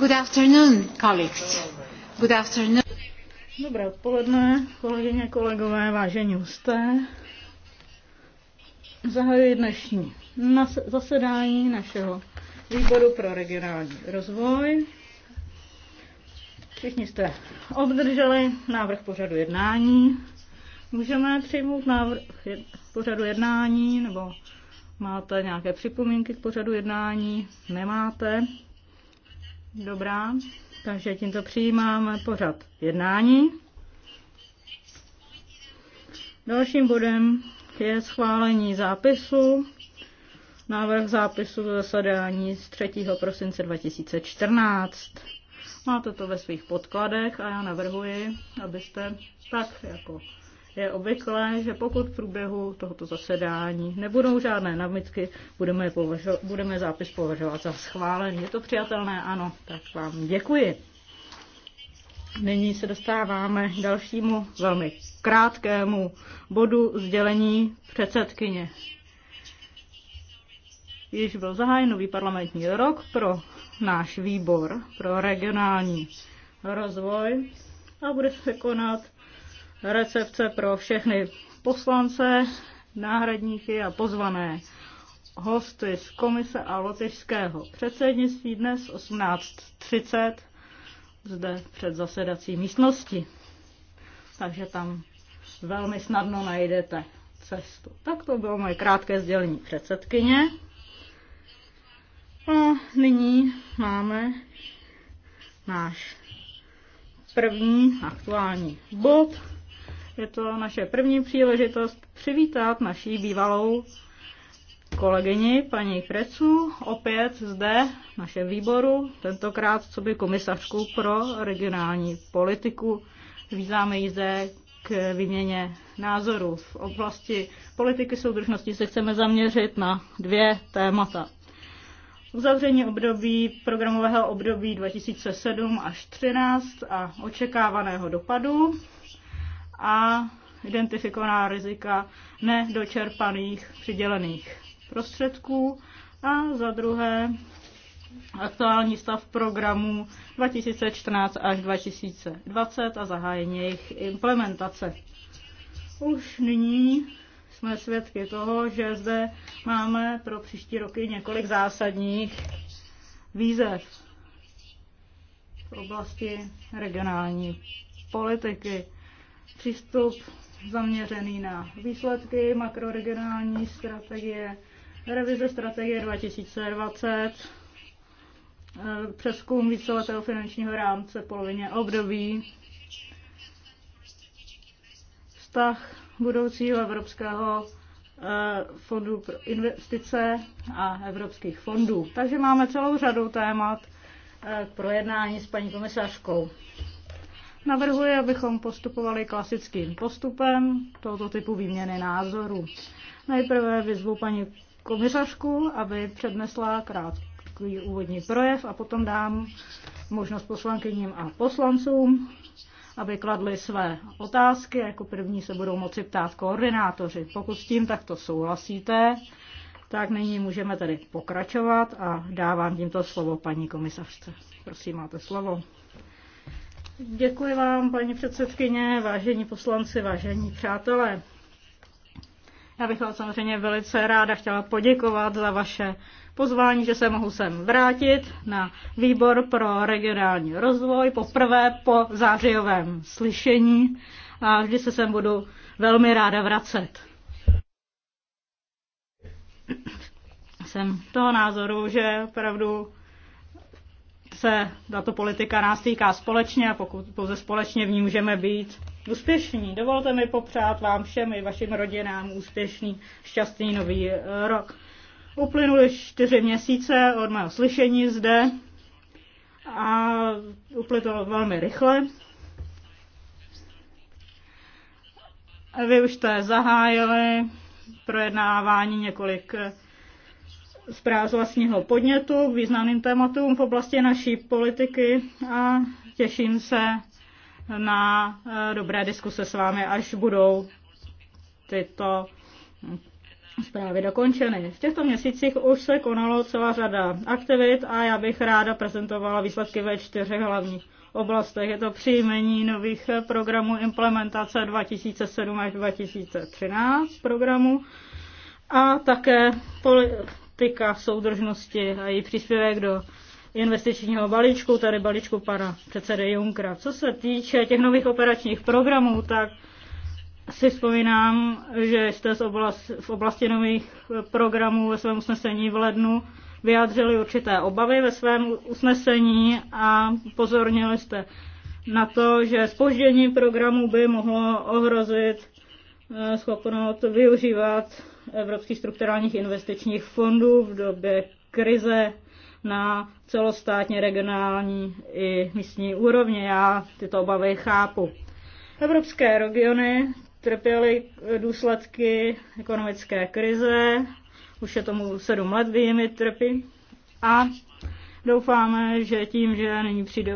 Good afternoon, colleagues. Good afternoon. Dobré odpoledne, kolegyně, kolegové, vážení hosté. Zahajuji dnešní zasedání našeho výboru pro regionální rozvoj. Všichni jste obdrželi návrh pořadu jednání. Můžeme přijmout návrh pořadu jednání nebo máte nějaké připomínky k pořadu jednání? Nemáte? Dobrá, takže tímto přijímáme pořad jednání. Dalším bodem je schválení zápisu. Návrh zápisu do zasedání z 3. prosince 2014. Máte to ve svých podkladech a já navrhuji, abyste tak jako je obvyklé, že pokud v průběhu tohoto zasedání nebudou žádné námitky, budeme, budeme zápis považovat za schválený. Je to přijatelné? Ano, tak vám děkuji. Nyní se dostáváme k dalšímu velmi krátkému bodu sdělení předsedkyně. Již byl zahájen nový parlamentní rok pro náš výbor pro regionální rozvoj a bude se konat recepce pro všechny poslance, náhradníky a pozvané hosty z komise a lotyšského předsednictví dnes 18.30 zde před zasedací místnosti. Takže tam velmi snadno najdete cestu. Tak to bylo moje krátké sdělení předsedkyně. A nyní máme náš první aktuální bod je to naše první příležitost přivítat naší bývalou kolegyni, paní Krecu, opět zde v našem výboru, tentokrát co by komisařku pro regionální politiku. Vítáme ji zde k výměně názorů. V oblasti politiky soudržnosti se chceme zaměřit na dvě témata. Uzavření období programového období 2007 až 2013 a očekávaného dopadu a identifikovaná rizika nedočerpaných přidělených prostředků a za druhé aktuální stav programů 2014 až 2020 a zahájení jejich implementace. Už nyní jsme svědky toho, že zde máme pro příští roky několik zásadních výzev v oblasti regionální politiky přístup zaměřený na výsledky makroregionální strategie, revize strategie 2020, eh, přeskum víceletého finančního rámce v polovině období, vztah budoucího Evropského eh, fondu pro investice a evropských fondů. Takže máme celou řadu témat eh, k projednání s paní komisařkou. Navrhuji, abychom postupovali klasickým postupem tohoto typu výměny názorů. Nejprve vyzvu paní komisařku, aby přednesla krátký úvodní projev a potom dám možnost poslankyním a poslancům, aby kladli své otázky. Jako první se budou moci ptát koordinátoři. Pokud s tím takto souhlasíte, tak nyní můžeme tedy pokračovat a dávám tímto slovo paní komisařce. Prosím, máte slovo. Děkuji vám, paní předsedkyně, vážení poslanci, vážení přátelé. Já bych vám samozřejmě velice ráda chtěla poděkovat za vaše pozvání, že se mohu sem vrátit na výbor pro regionální rozvoj poprvé po zářijovém slyšení a vždy se sem budu velmi ráda vracet. Jsem toho názoru, že opravdu se tato politika nás týká společně a pokud pouze společně v ní můžeme být úspěšní. Dovolte mi popřát vám všem i vašim rodinám úspěšný, šťastný nový eh, rok. Uplynuly čtyři měsíce od mého slyšení zde a uplynulo velmi rychle. Vy už jste zahájili projednávání několik zpráv z vlastního podnětu k významným tématům v oblasti naší politiky a těším se na eh, dobré diskuse s vámi, až budou tyto zprávy dokončeny. V těchto měsících už se konalo celá řada aktivit a já bych ráda prezentovala výsledky ve čtyřech hlavních oblastech. Je to přijímení nových programů implementace 2007 až 2013 programu a také politika soudržnosti a její příspěvek do investičního balíčku, tady balíčku pana předsedy Junkra. Co se týče těch nových operačních programů, tak si vzpomínám, že jste z oblast, v oblasti nových programů ve svém usnesení v lednu vyjádřili určité obavy ve svém usnesení a pozornili jste na to, že spoždění programů by mohlo ohrozit schopnost využívat evropských strukturálních investičních fondů v době krize na celostátně, regionální i místní úrovni. Já tyto obavy chápu. Evropské regiony trpěly důsledky ekonomické krize, už je tomu sedm let jimi trpí a doufáme, že tím, že nyní přijde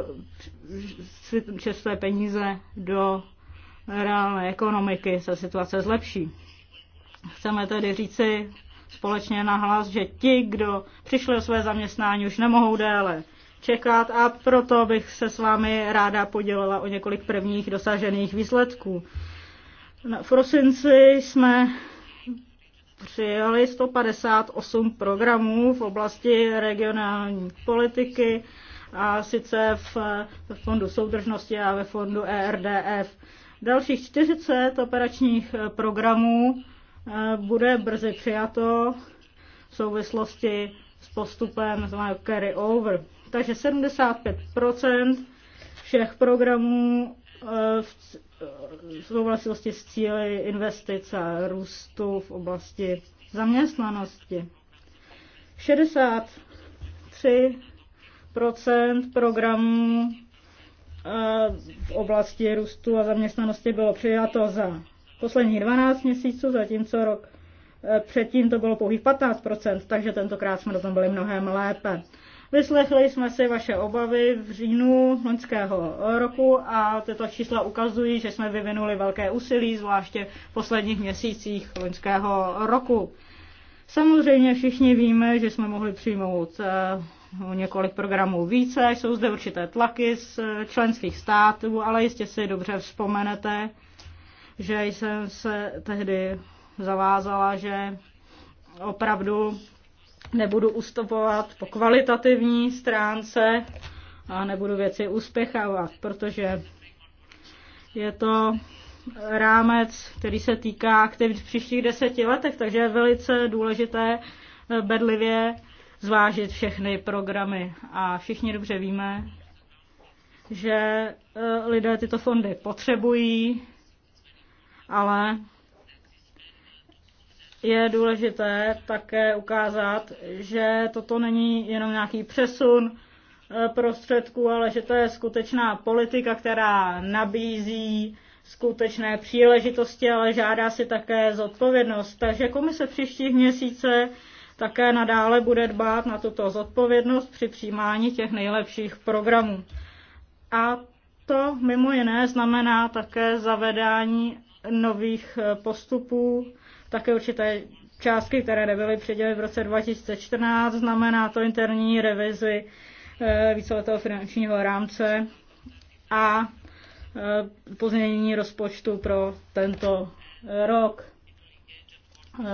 čisté peníze do reálné ekonomiky se situace zlepší. Chceme tedy říci společně nahlas, že ti, kdo přišli o své zaměstnání, už nemohou déle čekat a proto bych se s vámi ráda podělila o několik prvních dosažených výsledků. V prosinci jsme přijali 158 programů v oblasti regionální politiky a sice v, v Fondu soudržnosti a ve Fondu ERDF. Dalších 40 operačních eh, programů eh, bude brzy přijato v souvislosti s postupem znamená carry over. Takže 75% všech programů eh, v souvislosti s cíly investice a růstu v oblasti zaměstnanosti. 63% programů v oblasti růstu a zaměstnanosti bylo přijato za posledních 12 měsíců, zatímco rok eh, předtím to bylo pouhých 15%, takže tentokrát jsme na tom byli mnohem lépe. Vyslechli jsme si vaše obavy v říjnu loňského roku a tyto čísla ukazují, že jsme vyvinuli velké úsilí, zvláště v posledních měsících loňského roku. Samozřejmě všichni víme, že jsme mohli přijmout eh, o několik programů více, jsou zde určité tlaky z členských států, ale jistě si dobře vzpomenete, že jsem se tehdy zavázala, že opravdu nebudu ustupovat po kvalitativní stránce a nebudu věci uspěchávat, protože je to rámec, který se týká aktivit v příštích deseti letech, takže je velice důležité bedlivě zvážit všechny programy. A všichni dobře víme, že eh, lidé tyto fondy potřebují, ale je důležité také ukázat, že toto není jenom nějaký přesun eh, prostředků, ale že to je skutečná politika, která nabízí skutečné příležitosti, ale žádá si také zodpovědnost. Takže komise příštích měsíce také nadále bude dbát na tuto zodpovědnost při přijímání těch nejlepších programů. A to mimo jiné znamená také zavedání nových eh, postupů, také určité částky, které nebyly předěly v roce 2014, znamená to interní revizi eh, víceletého finančního rámce a eh, pozměnění rozpočtu pro tento rok.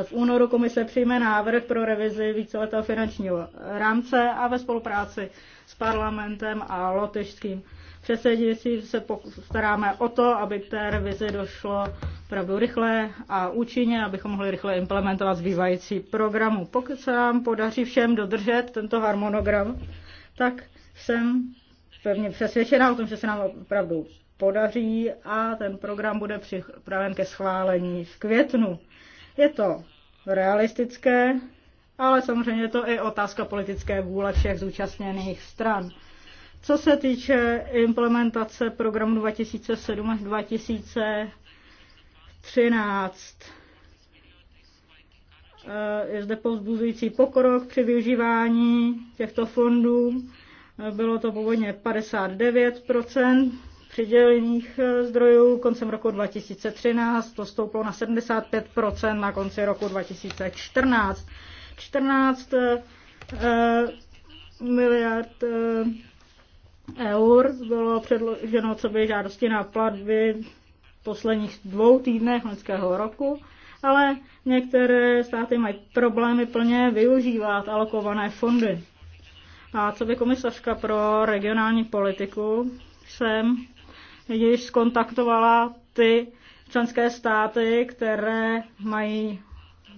V únoru komise přijme návrh pro revizi víceletého finančního rámce a ve spolupráci s parlamentem a lotyšským předsednictvím se staráme o to, aby k té revizi došlo opravdu rychle a účinně, abychom mohli rychle implementovat zbývající programu. Pokud se nám podaří všem dodržet tento harmonogram, tak jsem pevně přesvědčená o tom, že se nám opravdu podaří a ten program bude připraven ke schválení v květnu. Je to realistické, ale samozřejmě je to i otázka politické vůle všech zúčastněných stran. Co se týče implementace programu 2007 až 2013, je zde povzbuzující pokrok při využívání těchto fondů. Bylo to původně 59 přidělených eh, zdrojů koncem roku 2013, to stouplo na 75% na konci roku 2014. 14 eh, miliard eh, eur bylo předloženo co by žádosti na platby v posledních dvou týdnech loňského roku, ale některé státy mají problémy plně využívat alokované fondy. A co by komisařka pro regionální politiku jsem již skontaktovala ty členské státy, které mají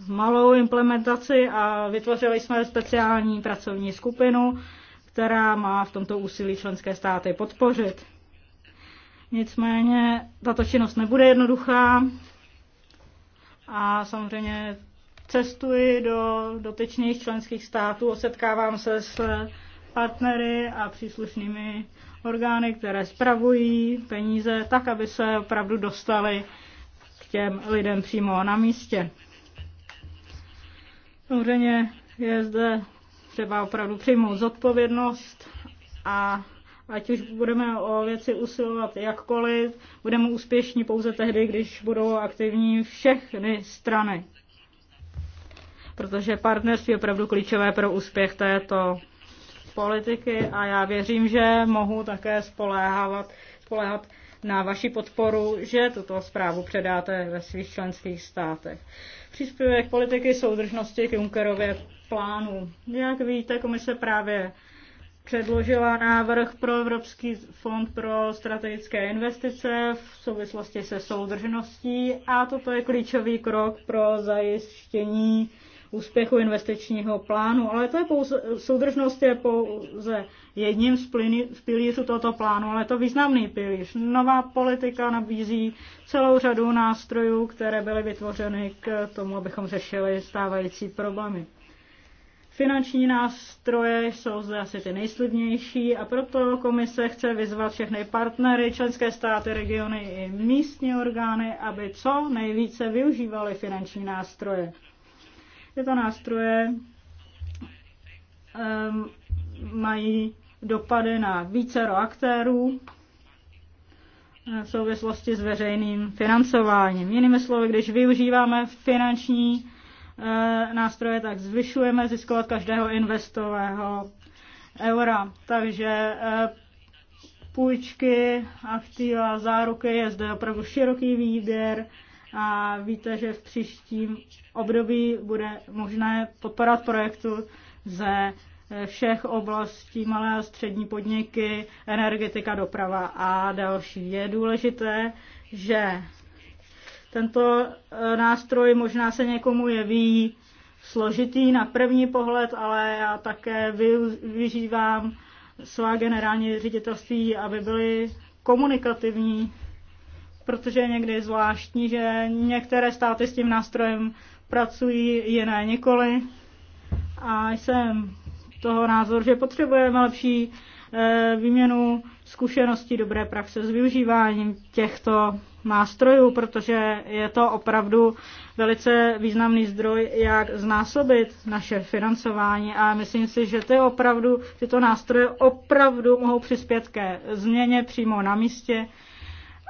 malou implementaci a vytvořili jsme speciální pracovní skupinu, která má v tomto úsilí členské státy podpořit. Nicméně tato činnost nebude jednoduchá a samozřejmě cestuji do dotyčných členských států, setkávám se s partnery a příslušnými orgány, které spravují peníze, tak, aby se opravdu dostali k těm lidem přímo na místě. Samozřejmě je zde třeba opravdu přijmout zodpovědnost a ať už budeme o věci usilovat jakkoliv, budeme úspěšní pouze tehdy, když budou aktivní všechny strany. Protože partnerství je opravdu klíčové pro úspěch této politiky a já věřím, že mohu také spoléhávat, spoléhat na vaši podporu, že tuto zprávu předáte ve svých členských státech. Příspěvek politiky soudržnosti k Junckerově plánu. Jak víte, komise právě předložila návrh pro Evropský fond pro strategické investice v souvislosti se soudržností a toto je klíčový krok pro zajištění úspěchu investičního plánu, ale to je pouze, soudržnost je pouze jedním z, plíny, z pilířů tohoto plánu, ale je to významný pilíř. Nová politika nabízí celou řadu nástrojů, které byly vytvořeny k tomu, abychom řešili stávající problémy. Finanční nástroje jsou zde asi ty nejslibnější a proto komise chce vyzvat všechny partnery, členské státy, regiony i místní orgány, aby co nejvíce využívali finanční nástroje tyto nástroje ehm, mají dopady na více aktérů eh, v souvislosti s veřejným financováním. Jinými slovy, když využíváme finanční eh, nástroje, tak zvyšujeme ziskovat každého investového eura. Takže eh, půjčky, aktiva, záruky, je zde opravdu široký výběr a víte, že v příštím období bude možné podporovat projektu ze všech oblastí malé a střední podniky, energetika, doprava a další. Je důležité, že tento eh, nástroj možná se někomu jeví složitý na první pohled, ale já také využívám svá generální ředitelství, aby byly komunikativní protože je někdy zvláštní, že některé státy s tím nástrojem pracují, jiné nikoli. A jsem toho názoru, že potřebujeme lepší eh, výměnu zkušeností dobré praxe s využíváním těchto nástrojů, protože je to opravdu velice významný zdroj, jak znásobit naše financování a myslím si, že ty opravdu, tyto nástroje opravdu mohou přispět ke změně přímo na místě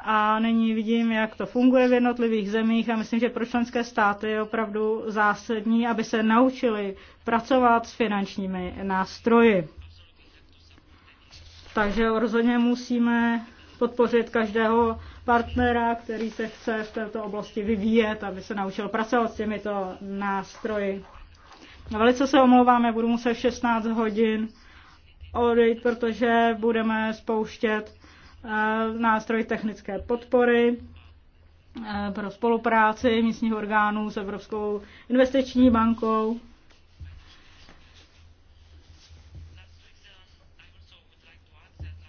a nyní vidím, jak to funguje v jednotlivých zemích a myslím, že pro členské státy je opravdu zásadní, aby se naučili pracovat s finančními nástroji. Takže rozhodně musíme podpořit každého partnera, který se chce v této oblasti vyvíjet, aby se naučil pracovat s těmito nástroji. Velice se omlouváme, já budu muset v 16 hodin odejít, protože budeme spouštět nástroj technické podpory e, pro spolupráci místních orgánů s Evropskou investiční bankou.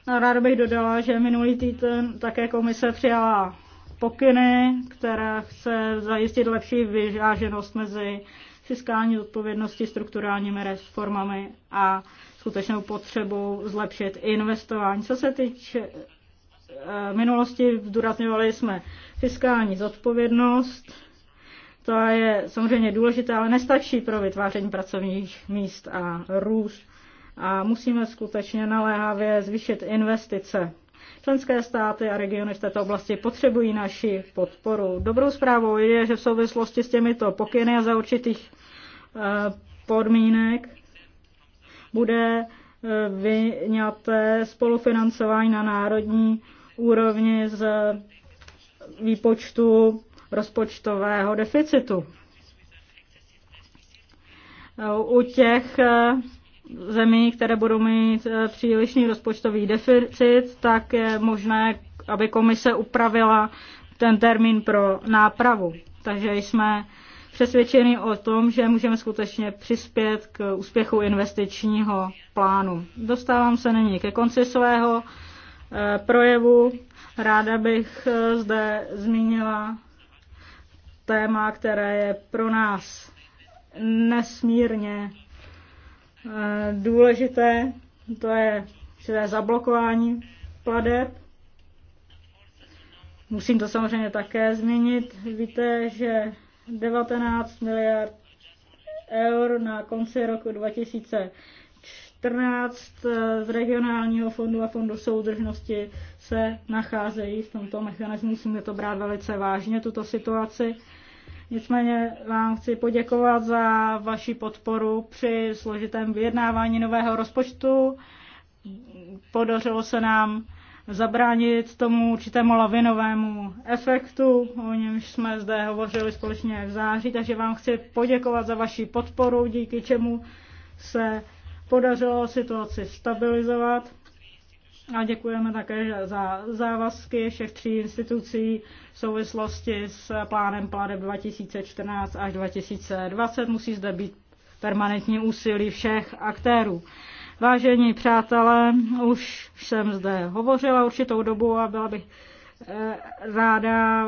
Ráda bych dodala, že minulý týden také komise přijala pokyny, které chce zajistit lepší vyváženost mezi fiskální odpovědností, strukturálními reformami a skutečnou potřebou zlepšit investování. Co se týče Eh, minulosti zdůrazňovali jsme fiskální zodpovědnost. To je samozřejmě důležité, ale nestačí pro vytváření pracovních míst a růst. A musíme skutečně naléhavě zvýšit investice. Členské státy a regiony v této oblasti potřebují naši podporu. Dobrou zprávou je, že v souvislosti s těmito pokyny a za určitých eh, podmínek bude eh, vyňaté spolufinancování na národní úrovni z výpočtu rozpočtového deficitu. U těch eh, zemí, které budou mít eh, přílišný rozpočtový deficit, tak je možné, aby komise upravila ten termín pro nápravu. Takže jsme přesvědčeni o tom, že můžeme skutečně přispět k úspěchu investičního plánu. Dostávám se nyní ke konci svého Eh, projevu. Ráda bych eh, zde zmínila téma, které je pro nás nesmírně eh, důležité. To je, to je zablokování pladeb. Musím to samozřejmě také změnit. Víte, že 19 miliard eur na konci roku 2000 14 eh, z regionálního fondu a fondu soudržnosti se nacházejí v tomto mechanismu. Musíme to brát velice vážně, tuto situaci. Nicméně vám chci poděkovat za vaši podporu při složitém vyjednávání nového rozpočtu. Podařilo se nám zabránit tomu určitému lavinovému efektu, o němž jsme zde hovořili společně v září, takže vám chci poděkovat za vaši podporu, díky čemu se podařilo situaci stabilizovat a děkujeme také za závazky všech tří institucí v souvislosti s plánem pladeb 2014 až 2020. Musí zde být permanentní úsilí všech aktérů. Vážení přátelé, už jsem zde hovořila určitou dobu a byla bych eh, ráda,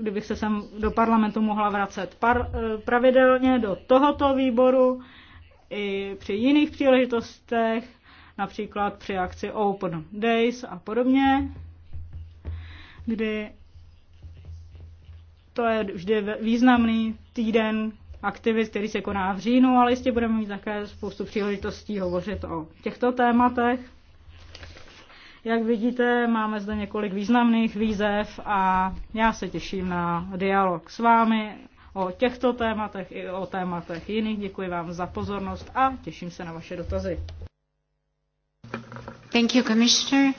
kdybych se sem do parlamentu mohla vracet par, eh, pravidelně do tohoto výboru i při jiných příležitostech, například při akci Open Days a podobně, kdy to je vždy významný týden aktivit, který se koná v říjnu, ale jistě budeme mít také spoustu příležitostí hovořit o těchto tématech. Jak vidíte, máme zde několik významných výzev a já se těším na dialog s vámi o těchto tématech i o tématech jiných. Děkuji vám za pozornost a těším se na vaše dotazy. Thank you, Commissioner.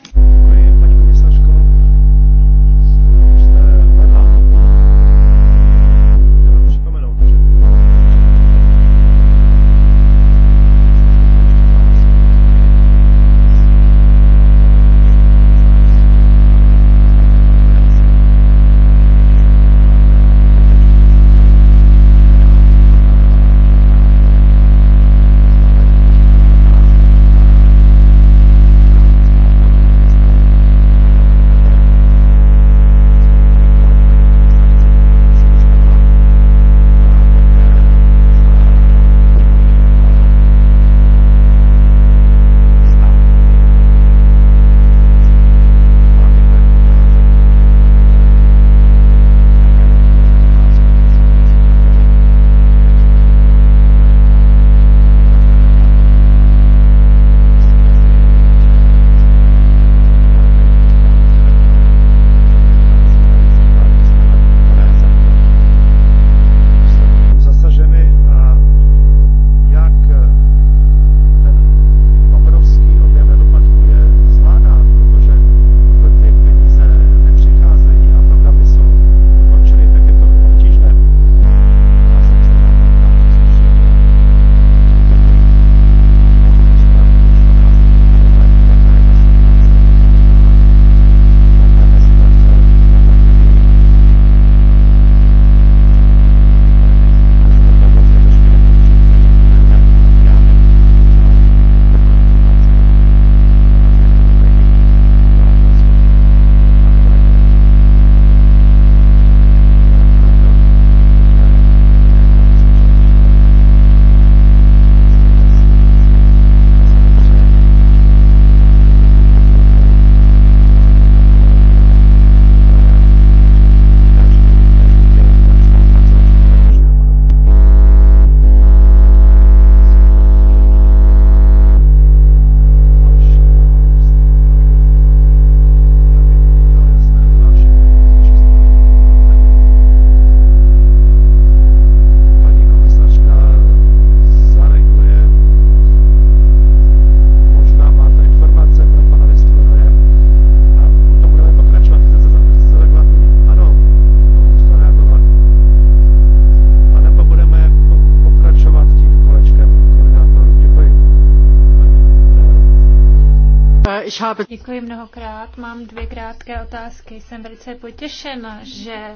habe... Děkuji mnohokrát. Mám dvě krátké otázky. Jsem velice potěšena, že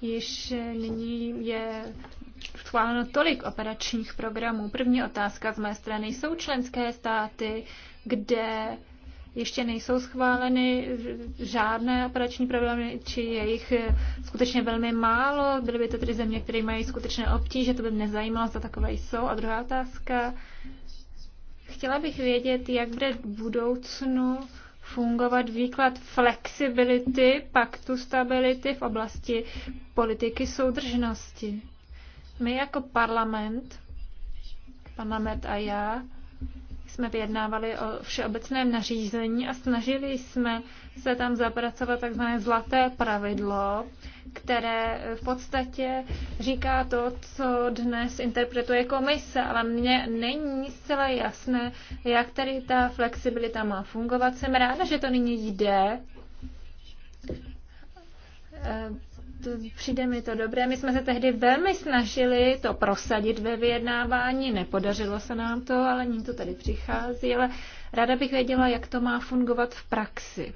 již nyní je schváleno tolik operačních programů. První otázka z mé strany. Jsou členské státy, kde ještě nejsou schváleny žádné operační problémy, či je jich skutečně velmi málo. Byly by to tedy země, které mají skutečné obtíže, to by mě zajímalo, za takové jsou. A druhá otázka, Chtěla bych vědět, jak bude v budoucnu fungovat výklad flexibility, paktu stability v oblasti politiky soudržnosti. My jako parlament, parlament a já, jsme vyjednávali o všeobecném nařízení a snažili jsme se tam zapracovat takzvané zlaté pravidlo, které v podstatě říká to, co dnes interpretuje komise, ale mně není zcela jasné, jak tady ta flexibilita má fungovat. Jsem ráda, že to nyní jde. Eh, přijde mi to dobré. My jsme se tehdy velmi snažili to prosadit ve vyjednávání. Nepodařilo se nám to, ale nyní to tady přichází. Ale ráda bych věděla, jak to má fungovat v praxi.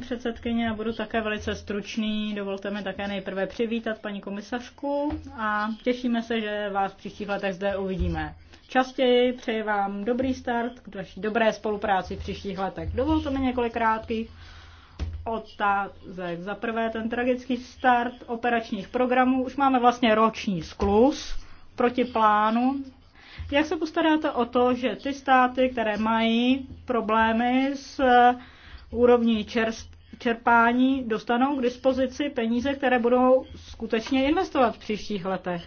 předsedkyně, a budu také velice stručný. Dovolte mi také nejprve přivítat paní komisařku a těšíme se, že vás v příštích letech zde uvidíme. Častěji přeji vám dobrý start k vaší dobré spolupráci v příštích letech. Dovolte mi několik krátkých otázek. Za prvé ten tragický start operačních programů. Už máme vlastně roční sklus proti plánu jak se postaráte o to, že ty státy, které mají problémy s úrovni čerpání dostanou k dispozici peníze, které budou skutečně investovat v příštích letech.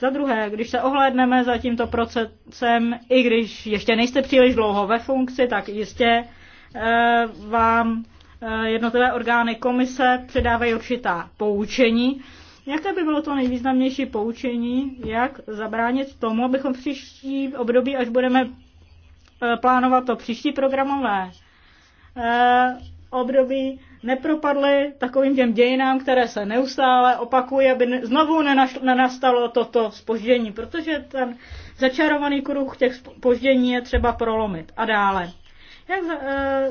Za druhé, když se ohlédneme za tímto procesem, i když ještě nejste příliš dlouho ve funkci, tak jistě eh, vám eh, jednotlivé orgány komise předávají určitá poučení. Jaké by bylo to nejvýznamnější poučení, jak zabránit tomu, abychom v příští období, až budeme eh, plánovat to příští programové Eh, období nepropadly takovým těm dějinám, které se neustále opakují, aby ne, znovu nenašlo, nenastalo toto spoždění, protože ten začarovaný kruh těch spoždění je třeba prolomit. A dále. Jak za, e,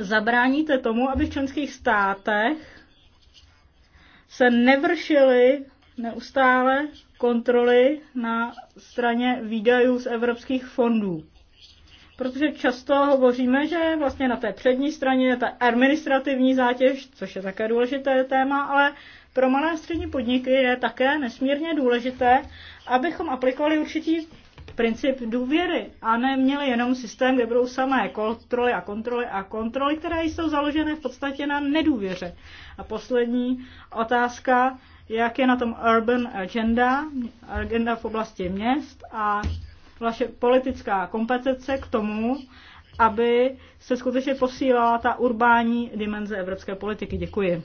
zabráníte tomu, aby v členských státech se nevršily neustále kontroly na straně výdajů z evropských fondů? Protože často hovoříme, že vlastně na té přední straně je ta administrativní zátěž, což je také důležité téma, ale pro malé a střední podniky je také nesmírně důležité, abychom aplikovali určitý princip důvěry a neměli jenom systém, kde budou samé kontroly a kontroly a kontroly, které jsou založené v podstatě na nedůvěře. A poslední otázka, jak je na tom Urban Agenda, agenda v oblasti měst a vaše politická kompetence k tomu, aby se skutečně posílala ta urbání dimenze evropské politiky. Děkuji.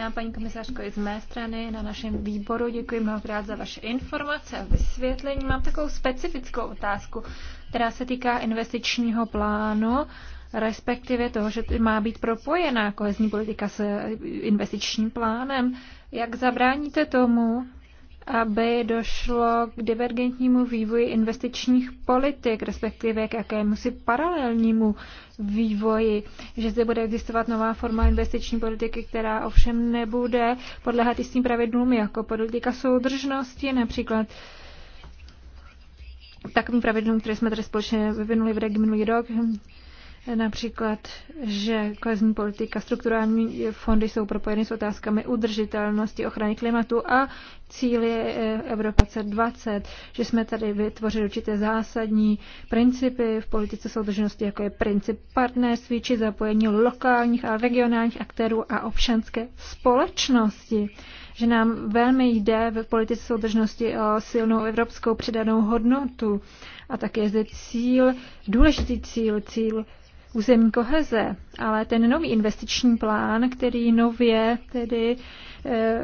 vítám, paní komisařko, i z mé strany na našem výboru. Děkuji mnohokrát za vaše informace a vysvětlení. Mám takovou specifickou otázku, která se týká investičního plánu, respektive toho, že má být propojená kohezní politika s investičním plánem. Jak zabráníte tomu, aby došlo k divergentnímu vývoji investičních politik, respektive k jakému si paralelnímu vývoji, že zde bude existovat nová forma investiční politiky, která ovšem nebude podléhat jistým pravidlům jako politika soudržnosti, například takovým pravidlům, které jsme tady společně vyvinuli v minulý rok, Například, že kohezní politika, strukturální fondy jsou propojeny s otázkami udržitelnosti, ochrany klimatu a cíly eh, Evropa 20, že jsme tady vytvořili určité zásadní principy v politice soudržnosti, jako je princip partnerství či zapojení lokálních a regionálních aktérů a občanské společnosti že nám velmi jde v politice soudržnosti o silnou evropskou přidanou hodnotu a také je zde cíl, důležitý cíl, cíl územní koheze, ale ten nový investiční plán, který nově tedy Eh,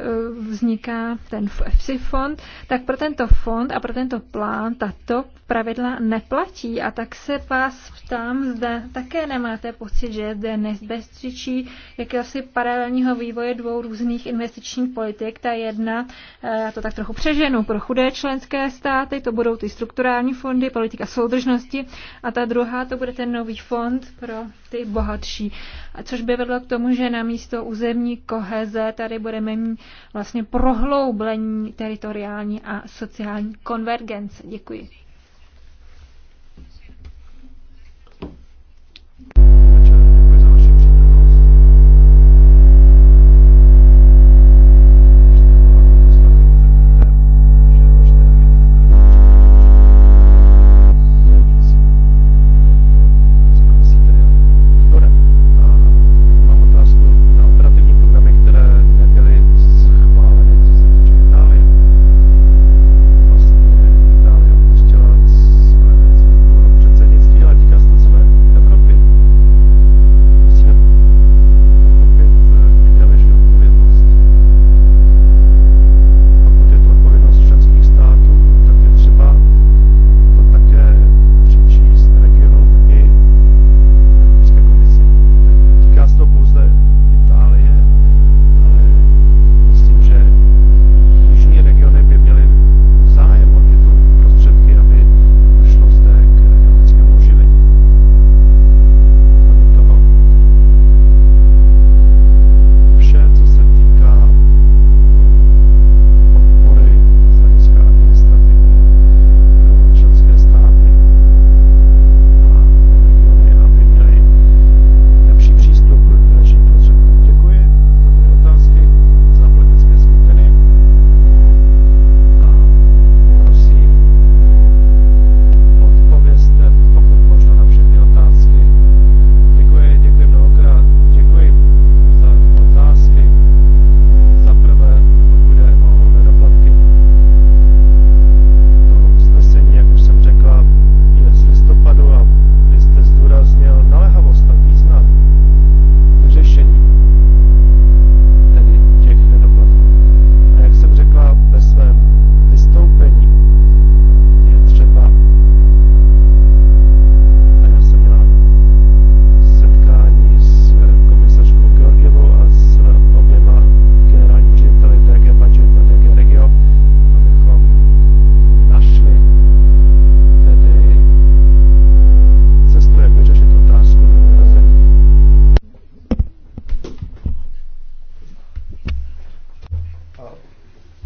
vzniká ten FSI fond, tak pro tento fond a pro tento plán tato pravidla neplatí. A tak se vás ptám, zda také nemáte pocit, že zde nezbezpečí jakéhosi paralelního vývoje dvou různých investičních politik. Ta jedna, eh, já to tak trochu přeženu, pro chudé členské státy, to budou ty strukturální fondy, politika soudržnosti, a ta druhá, to bude ten nový fond pro ty bohatší. A což by vedlo k tomu, že na místo územní koheze tady budeme znamení vlastně prohloublení teritoriální a sociální konvergence. Děkuji.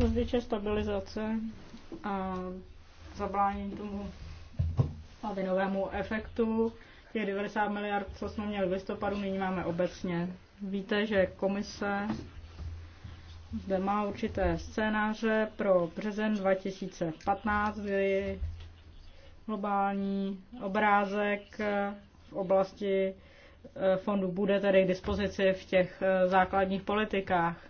Co se týče stabilizace a zabránění tomu lavinovému efektu, těch 90 miliard, co jsme měli v listopadu, nyní máme obecně. Víte, že komise zde má určité scénáře pro březen 2015, globální obrázek v oblasti eh, fondu bude tedy k dispozici v těch eh, základních politikách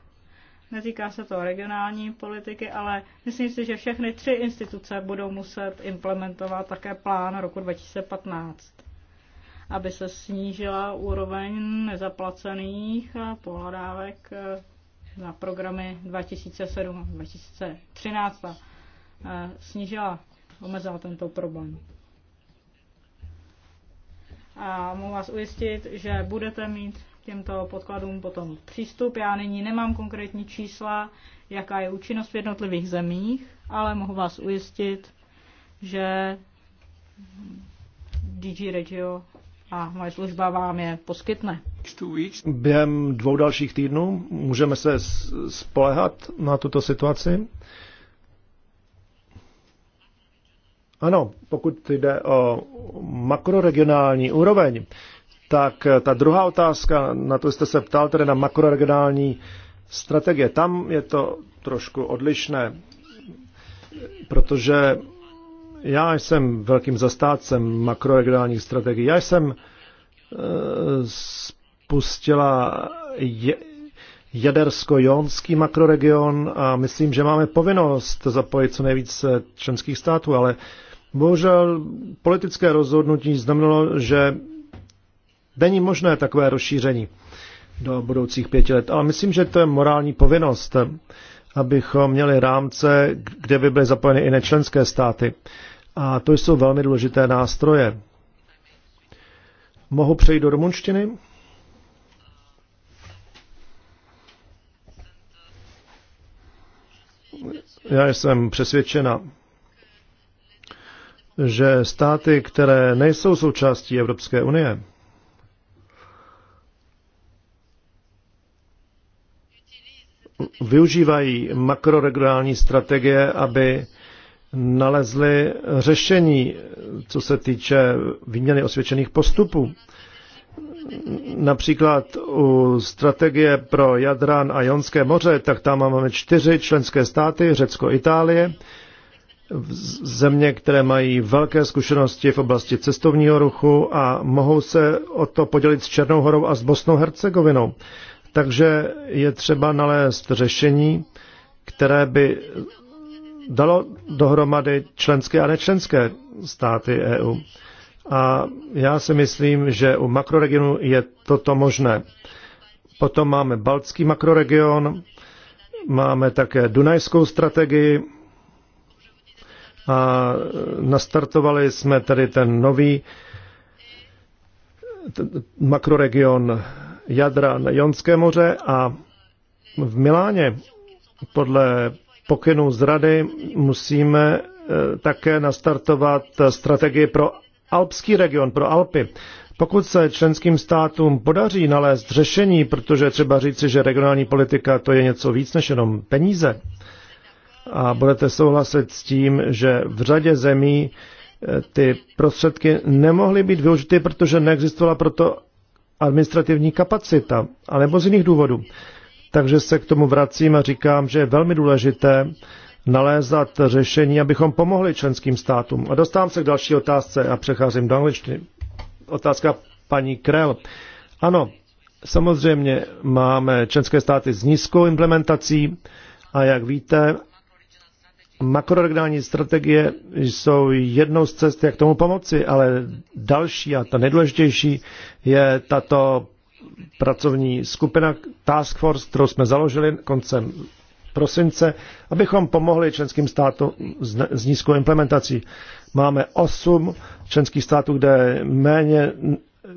netýká se to regionální politiky, ale myslím si, že všechny tři instituce budou muset implementovat také plán roku 2015, aby se snížila úroveň nezaplacených pohledávek na programy 2007-2013 e, snížila, omezila tento problém. A mohu vás ujistit, že budete mít těmto podkladům potom přístup. Já nyní nemám konkrétní čísla, jaká je účinnost v jednotlivých zemích, ale mohu vás ujistit, že DG Regio a moje služba vám je poskytne. Během dvou dalších týdnů můžeme se spolehat na tuto situaci? Ano, pokud jde o makroregionální úroveň, tak eh, ta druhá otázka, na to jste se ptal, tedy na makroregionální strategie. Tam je to trošku odlišné, protože já jsem velkým zastácem makroregionálních strategií. Já jsem eh, spustila jadersko-jonský makroregion a myslím, že máme povinnost zapojit co nejvíce eh, členských států, ale bohužel politické rozhodnutí znamenalo, že Není možné takové rozšíření do budoucích pěti let, ale myslím, že to je morální povinnost, abychom měli rámce, kde by byly zapojeny i nečlenské státy. A to jsou velmi důležité nástroje. Mohu přejít do rumunštiny? Já jsem přesvědčena, že státy, které nejsou součástí Evropské unie, využívají makroregionální strategie, aby nalezli řešení, co se týče výměny osvědčených postupů. Například u strategie pro Jadran a Jonské moře, tak tam máme čtyři členské státy, Řecko, Itálie, země, které mají velké zkušenosti v oblasti cestovního ruchu a mohou se o to podělit s Černou horou a s Bosnou Hercegovinou. Takže je třeba nalézt řešení, které by dalo dohromady členské a nečlenské státy EU. A já si myslím, že u makroregionu je toto možné. Potom máme Baltský makroregion, máme také Dunajskou strategii a nastartovali jsme tady ten nový makroregion jadra na Jonské moře a v Miláně podle pokynů z Rady musíme e, také nastartovat strategii pro alpský region, pro Alpy. Pokud se členským státům podaří nalézt řešení, protože třeba říci, že regionální politika to je něco víc než jenom peníze, a budete souhlasit s tím, že v řadě zemí e, ty prostředky nemohly být využity, protože neexistovala proto administrativní kapacita, anebo z jiných důvodů. Takže se k tomu vracím a říkám, že je velmi důležité nalézat řešení, abychom pomohli členským státům. A dostávám se k další otázce a přecházím do angličtiny. Otázka paní Krell. Ano, samozřejmě máme členské státy s nízkou implementací a jak víte, Makroregionální strategie jsou jednou z cest, jak tomu pomoci, ale další a ta nejdůležitější je tato pracovní skupina Task Force, kterou jsme založili koncem prosince, abychom pomohli členským státům s nízkou implementací. Máme osm členských států, kde méně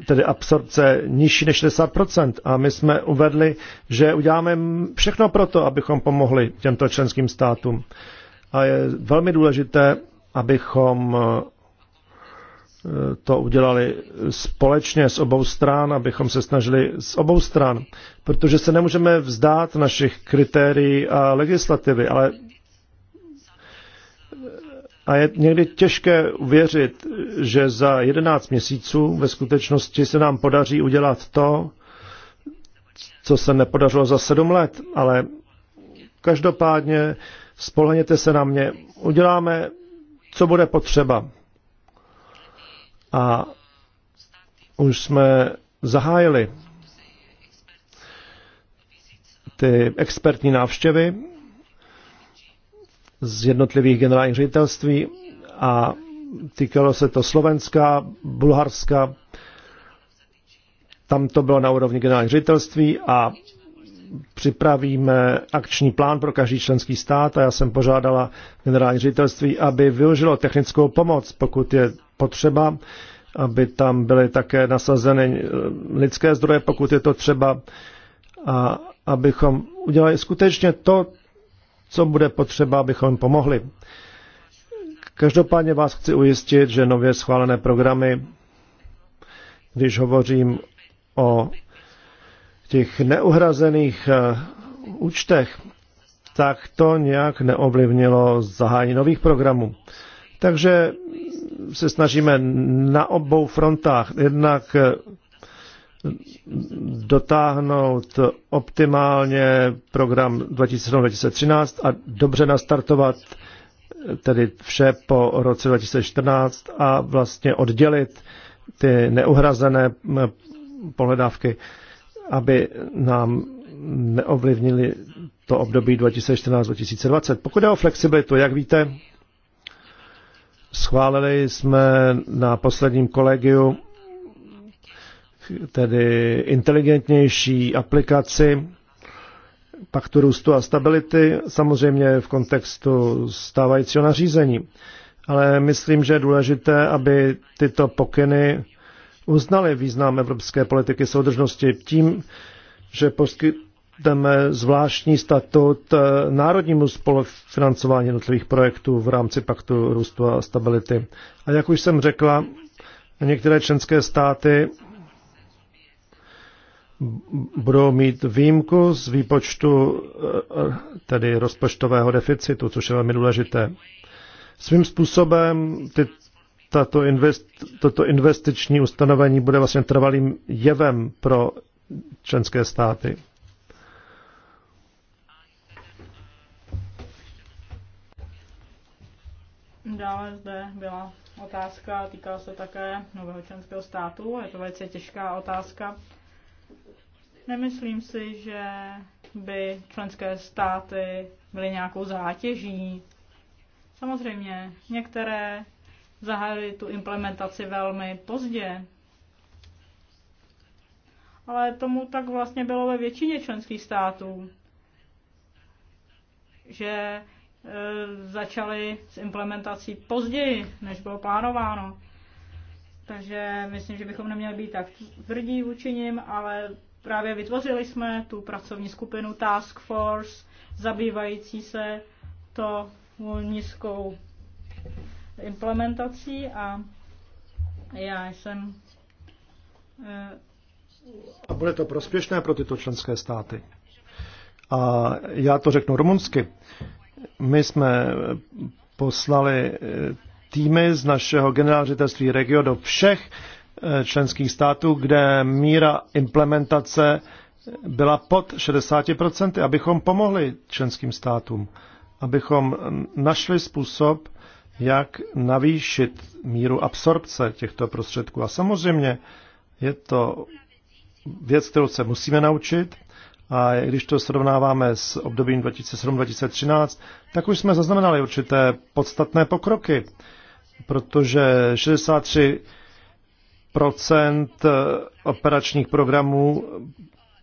tedy absorpce nižší než 60%. A my jsme uvedli, že uděláme všechno pro to, abychom pomohli těmto členským státům. A je velmi důležité, abychom eh, to udělali společně s obou stran, abychom se snažili z obou stran, protože se nemůžeme vzdát našich kritérií a legislativy, ale eh, a je někdy těžké uvěřit, že za 11 měsíců ve skutečnosti se nám podaří udělat to, co se nepodařilo za 7 let, ale každopádně spolehněte se na mě, uděláme, co bude potřeba. A už jsme zahájili ty expertní návštěvy z jednotlivých generálních ředitelství a týkalo se to Slovenska, Bulharska, tam to bylo na úrovni generálních ředitelství a připravíme akční plán pro každý členský stát a já jsem požádala generální ředitelství, aby využilo technickou pomoc, pokud je potřeba, aby tam byly také nasazeny eh, lidské zdroje, pokud je to třeba, a abychom udělali skutečně to, co bude potřeba, abychom pomohli. Každopádně vás chci ujistit, že nově schválené programy, když hovořím o těch neuhrazených eh, účtech, tak to nějak neovlivnilo zahájení nových programů. Takže se snažíme na obou frontách jednak eh, dotáhnout optimálně program 2007-2013 a dobře nastartovat eh, tedy vše po roce 2014 a vlastně oddělit ty neuhrazené pohledávky aby nám neovlivnili to období 2014-2020. Pokud je o flexibilitu, jak víte, schválili jsme na posledním kolegiu tedy inteligentnější aplikaci paktu růstu a stability, samozřejmě v kontextu stávajícího nařízení. Ale myslím, že je důležité, aby tyto pokyny uznali význam evropské politiky soudržnosti tím, že poskytneme zvláštní statut eh, národnímu spolufinancování jednotlivých projektů v rámci paktu růstu a stability. A jak už jsem řekla, některé členské státy budou mít výjimku z výpočtu eh, tedy rozpočtového deficitu, což je velmi důležité. Svým způsobem ty, tato, invest, toto investiční ustanovení bude vlastně trvalým jevem pro členské státy. Dále zde byla otázka, týkala se také nového členského státu. Je to velice těžká otázka. Nemyslím si, že by členské státy byly nějakou zátěží. Samozřejmě některé zahájili tu implementaci velmi pozdě. Ale tomu tak vlastně bylo ve většině členských států, že e, začali s implementací později, než bylo plánováno. Takže myslím, že bychom neměli být tak tvrdí vůči nim, ale právě vytvořili jsme tu pracovní skupinu Task Force, zabývající se to nízkou implementací a já jsem. Eh, a bude to prospěšné pro tyto členské státy. A já to řeknu rumunsky. My jsme eh, poslali eh, týmy z našeho generálřitelství regio do všech členských států, kde míra implementace byla pod 60%, abychom pomohli členským státům, abychom hm, našli způsob, jak navýšit míru absorpce těchto prostředků. A samozřejmě je to věc, kterou se musíme naučit. A když to srovnáváme s obdobím 2007-2013, tak už jsme zaznamenali určité podstatné pokroky, protože 63 operačních programů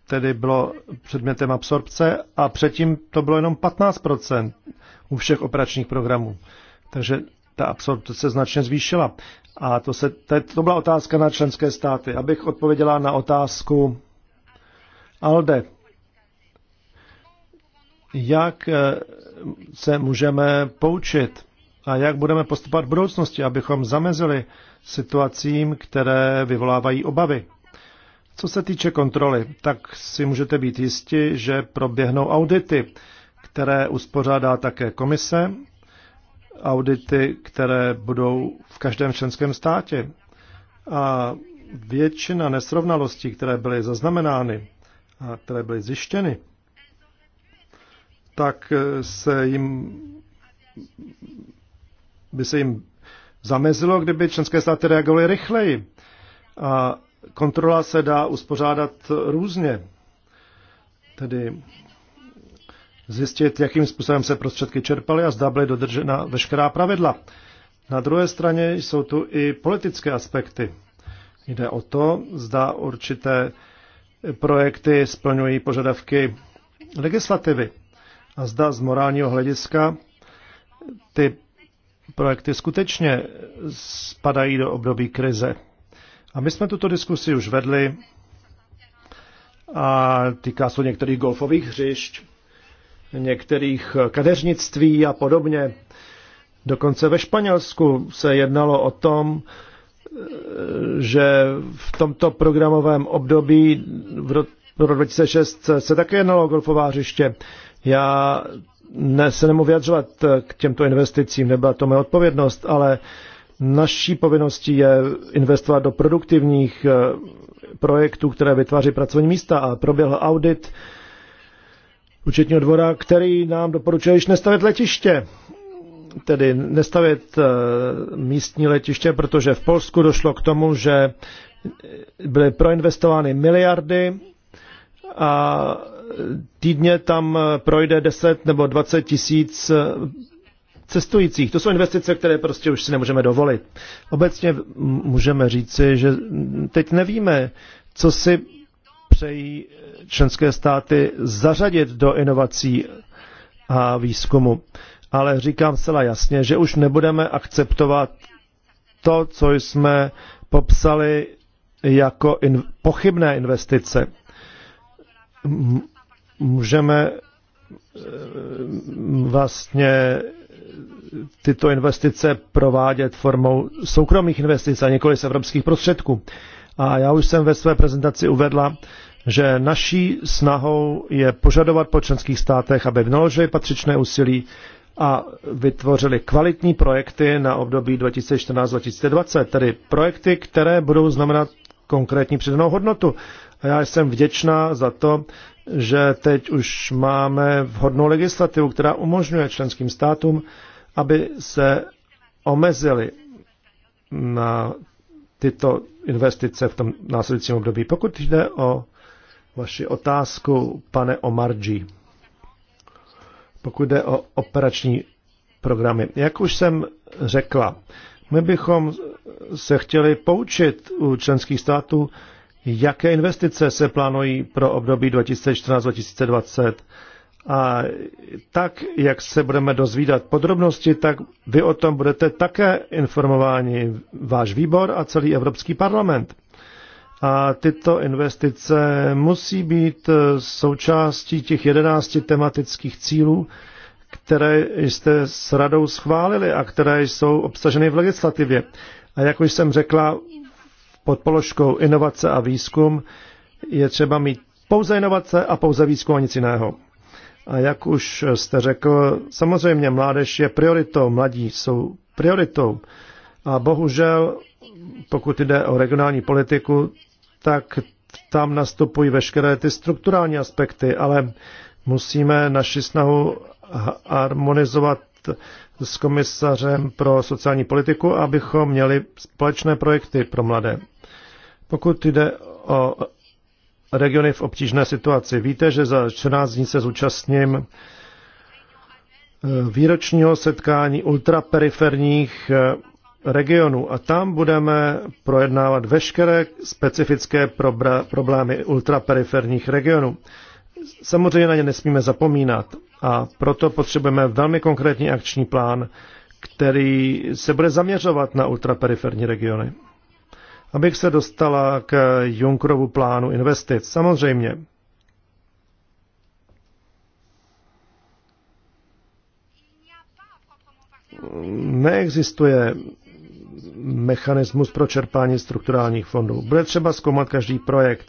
tedy bylo předmětem absorpce a předtím to bylo jenom 15 u všech operačních programů. Takže ta absorpce se značně zvýšila. A to, se, to byla otázka na členské státy. Abych odpověděla na otázku Alde. Jak eh, se můžeme poučit a jak budeme postupovat v budoucnosti, abychom zamezili situacím, které vyvolávají obavy. Co se týče kontroly, tak si můžete být jisti, že proběhnou audity, které uspořádá také komise audity, které budou v každém členském státě. A většina nesrovnalostí, které byly zaznamenány a které byly zjištěny, tak se jim by se jim zamezilo, kdyby členské státy reagovaly rychleji. A kontrola se dá uspořádat různě. Tedy zjistit, jakým způsobem se prostředky čerpaly a zda byly dodržena veškerá pravidla. Na druhé straně jsou tu i politické aspekty. Jde o to, zda určité projekty splňují požadavky legislativy a zda z morálního hlediska ty projekty skutečně spadají do období krize. A my jsme tuto diskusi už vedli a týká se některých golfových hřišť, některých eh, kadeřnictví a podobně. Dokonce ve Španělsku se jednalo o tom, eh, že v tomto programovém období v roce 2006 se také jednalo o golfová hřiště. Já ne, se nemohu vyjadřovat eh, k těmto investicím, nebyla to moje odpovědnost, ale naší povinností je investovat do produktivních projektů, které vytváří pracovní místa a proběhl audit Učetního dvora, který nám doporučuje již nestavit letiště. Tedy nestavit eh, místní letiště, protože v Polsku došlo k tomu, že byly proinvestovány miliardy a týdně tam eh, projde 10 nebo 20 tisíc eh, cestujících. To jsou investice, které prostě už si nemůžeme dovolit. Obecně můžeme říci, že teď nevíme, co si přejí členské státy zařadit do inovací a výzkumu. Ale říkám zcela jasně, že už nebudeme akceptovat to, co jsme popsali jako in, pochybné investice. Můžeme eh, vlastně tyto investice provádět formou soukromých investic a nikoli z evropských prostředků. A já už jsem ve své prezentaci uvedla, že naší snahou je požadovat po členských státech, aby vynaložili patřičné úsilí a vytvořili kvalitní projekty na období 2014-2020, tedy projekty, které budou znamenat konkrétní přidanou hodnotu. A já jsem vděčná za to, že teď už máme vhodnou legislativu, která umožňuje členským státům, aby se omezili na tyto investice v tom následujícím období. Pokud jde o vaši otázku, pane Omarji, pokud jde o operační programy, jak už jsem řekla, my bychom se chtěli poučit u členských států, jaké investice se plánují pro období 2014-2020 a tak, jak se budeme dozvídat podrobnosti, tak vy o tom budete také informováni, váš výbor a celý Evropský parlament. A tyto investice musí být součástí těch jedenácti tematických cílů, které jste s radou schválili a které jsou obsaženy v legislativě. A jak už jsem řekla, pod položkou inovace a výzkum je třeba mít pouze inovace a pouze výzkum a nic jiného. A jak už jste řekl, samozřejmě mládež je prioritou, mladí jsou prioritou. A bohužel, pokud jde o regionální politiku, tak tam nastupují veškeré ty strukturální aspekty, ale musíme naši snahu harmonizovat s komisařem pro sociální politiku, abychom měli společné projekty pro mladé. Pokud jde o regiony v obtížné situaci. Víte, že za 14 dní se zúčastním eh, výročního setkání ultraperiferních eh, regionů a tam budeme projednávat veškeré specifické problémy ultraperiferních regionů. Samozřejmě na ně nesmíme zapomínat a proto potřebujeme velmi konkrétní akční plán, který se bude zaměřovat na ultraperiferní regiony abych se dostala k Junkrovu plánu investic. Samozřejmě. Neexistuje mechanismus pro čerpání strukturálních fondů. Bude třeba zkoumat každý projekt,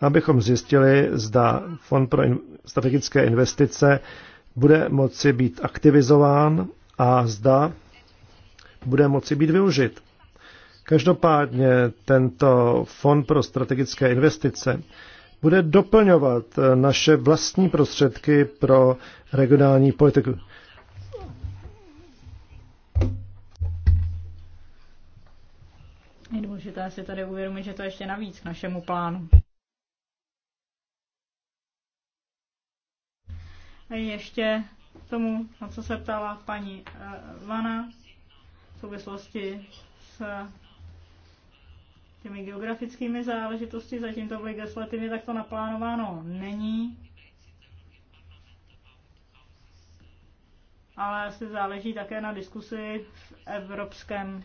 abychom zjistili, zda Fond pro strategické investice bude moci být aktivizován a zda bude moci být využit. Každopádně tento fond pro strategické investice bude doplňovat eh, naše vlastní prostředky pro regionální politiku. Je důležité si tady uvědomit, že to ještě navíc k našemu plánu. A ještě tomu, na co se ptala paní eh, Vana v souvislosti s těmi geografickými záležitosti, zatím to v legislativě takto naplánováno není. Ale asi záleží také na diskusi v Evropském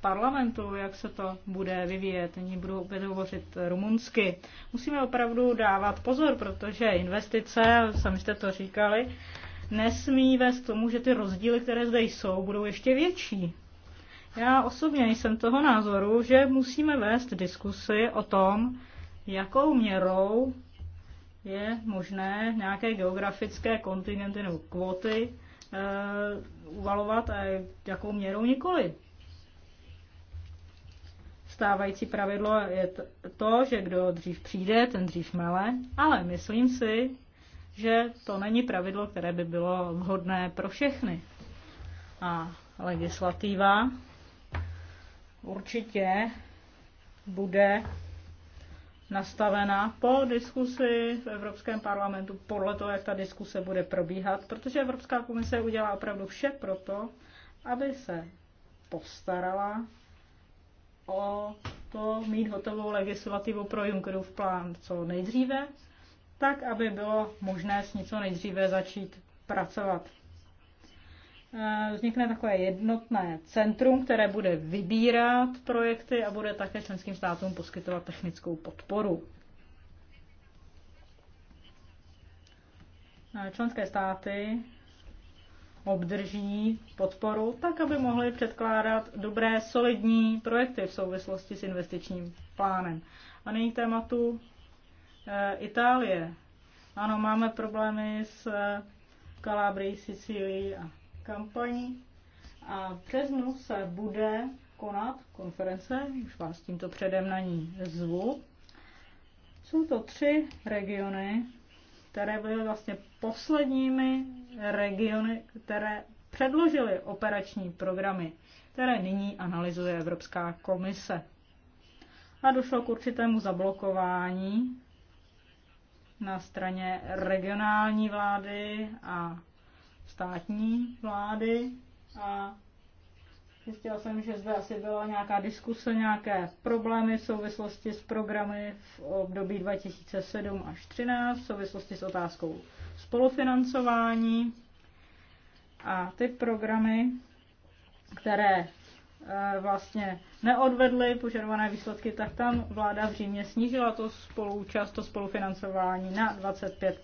parlamentu, jak se to bude vyvíjet. Nyní budu opět hovořit rumunsky. Musíme opravdu dávat pozor, protože investice, sami jste to říkali, nesmí vést k tomu, že ty rozdíly, které zde jsou, budou ještě větší. Já osobně jsem toho názoru, že musíme vést diskusy o tom, jakou měrou je možné nějaké geografické kontingenty nebo kvóty e, uvalovat a jakou měrou nikoli. Stávající pravidlo je to, že kdo dřív přijde, ten dřív mele, ale myslím si, že to není pravidlo, které by bylo vhodné pro všechny. A legislativa určitě bude nastavena po diskusi v Evropském parlamentu, podle toho, jak ta diskuse bude probíhat, protože Evropská komise udělá opravdu vše pro to, aby se postarala o to mít hotovou legislativu pro Junckerův plán co nejdříve, tak aby bylo možné s ní co nejdříve začít pracovat. Eh, vznikne takové jednotné centrum, které bude vybírat projekty a bude také členským státům poskytovat technickou podporu. Eh, členské státy obdrží podporu tak, aby mohly předkládat dobré, solidní projekty v souvislosti s investičním plánem. A nyní k tématu e, Itálie. Ano, máme problémy s Kalábrií, Sicílií a kampaní a v březnu se bude konat konference, už vás tímto předem na ní zvu. Jsou to tři regiony, které byly vlastně posledními regiony, které předložily operační programy, které nyní analyzuje Evropská komise. A došlo k určitému zablokování na straně regionální vlády a státní vlády a zjistila jsem, že zde asi byla nějaká diskuse, nějaké problémy v souvislosti s programy v období 2007 až 2013, v souvislosti s otázkou spolufinancování. A ty programy, které eh, vlastně neodvedly požadované výsledky, tak tam vláda v Římě snížila to spolúčast, to spolufinancování na 25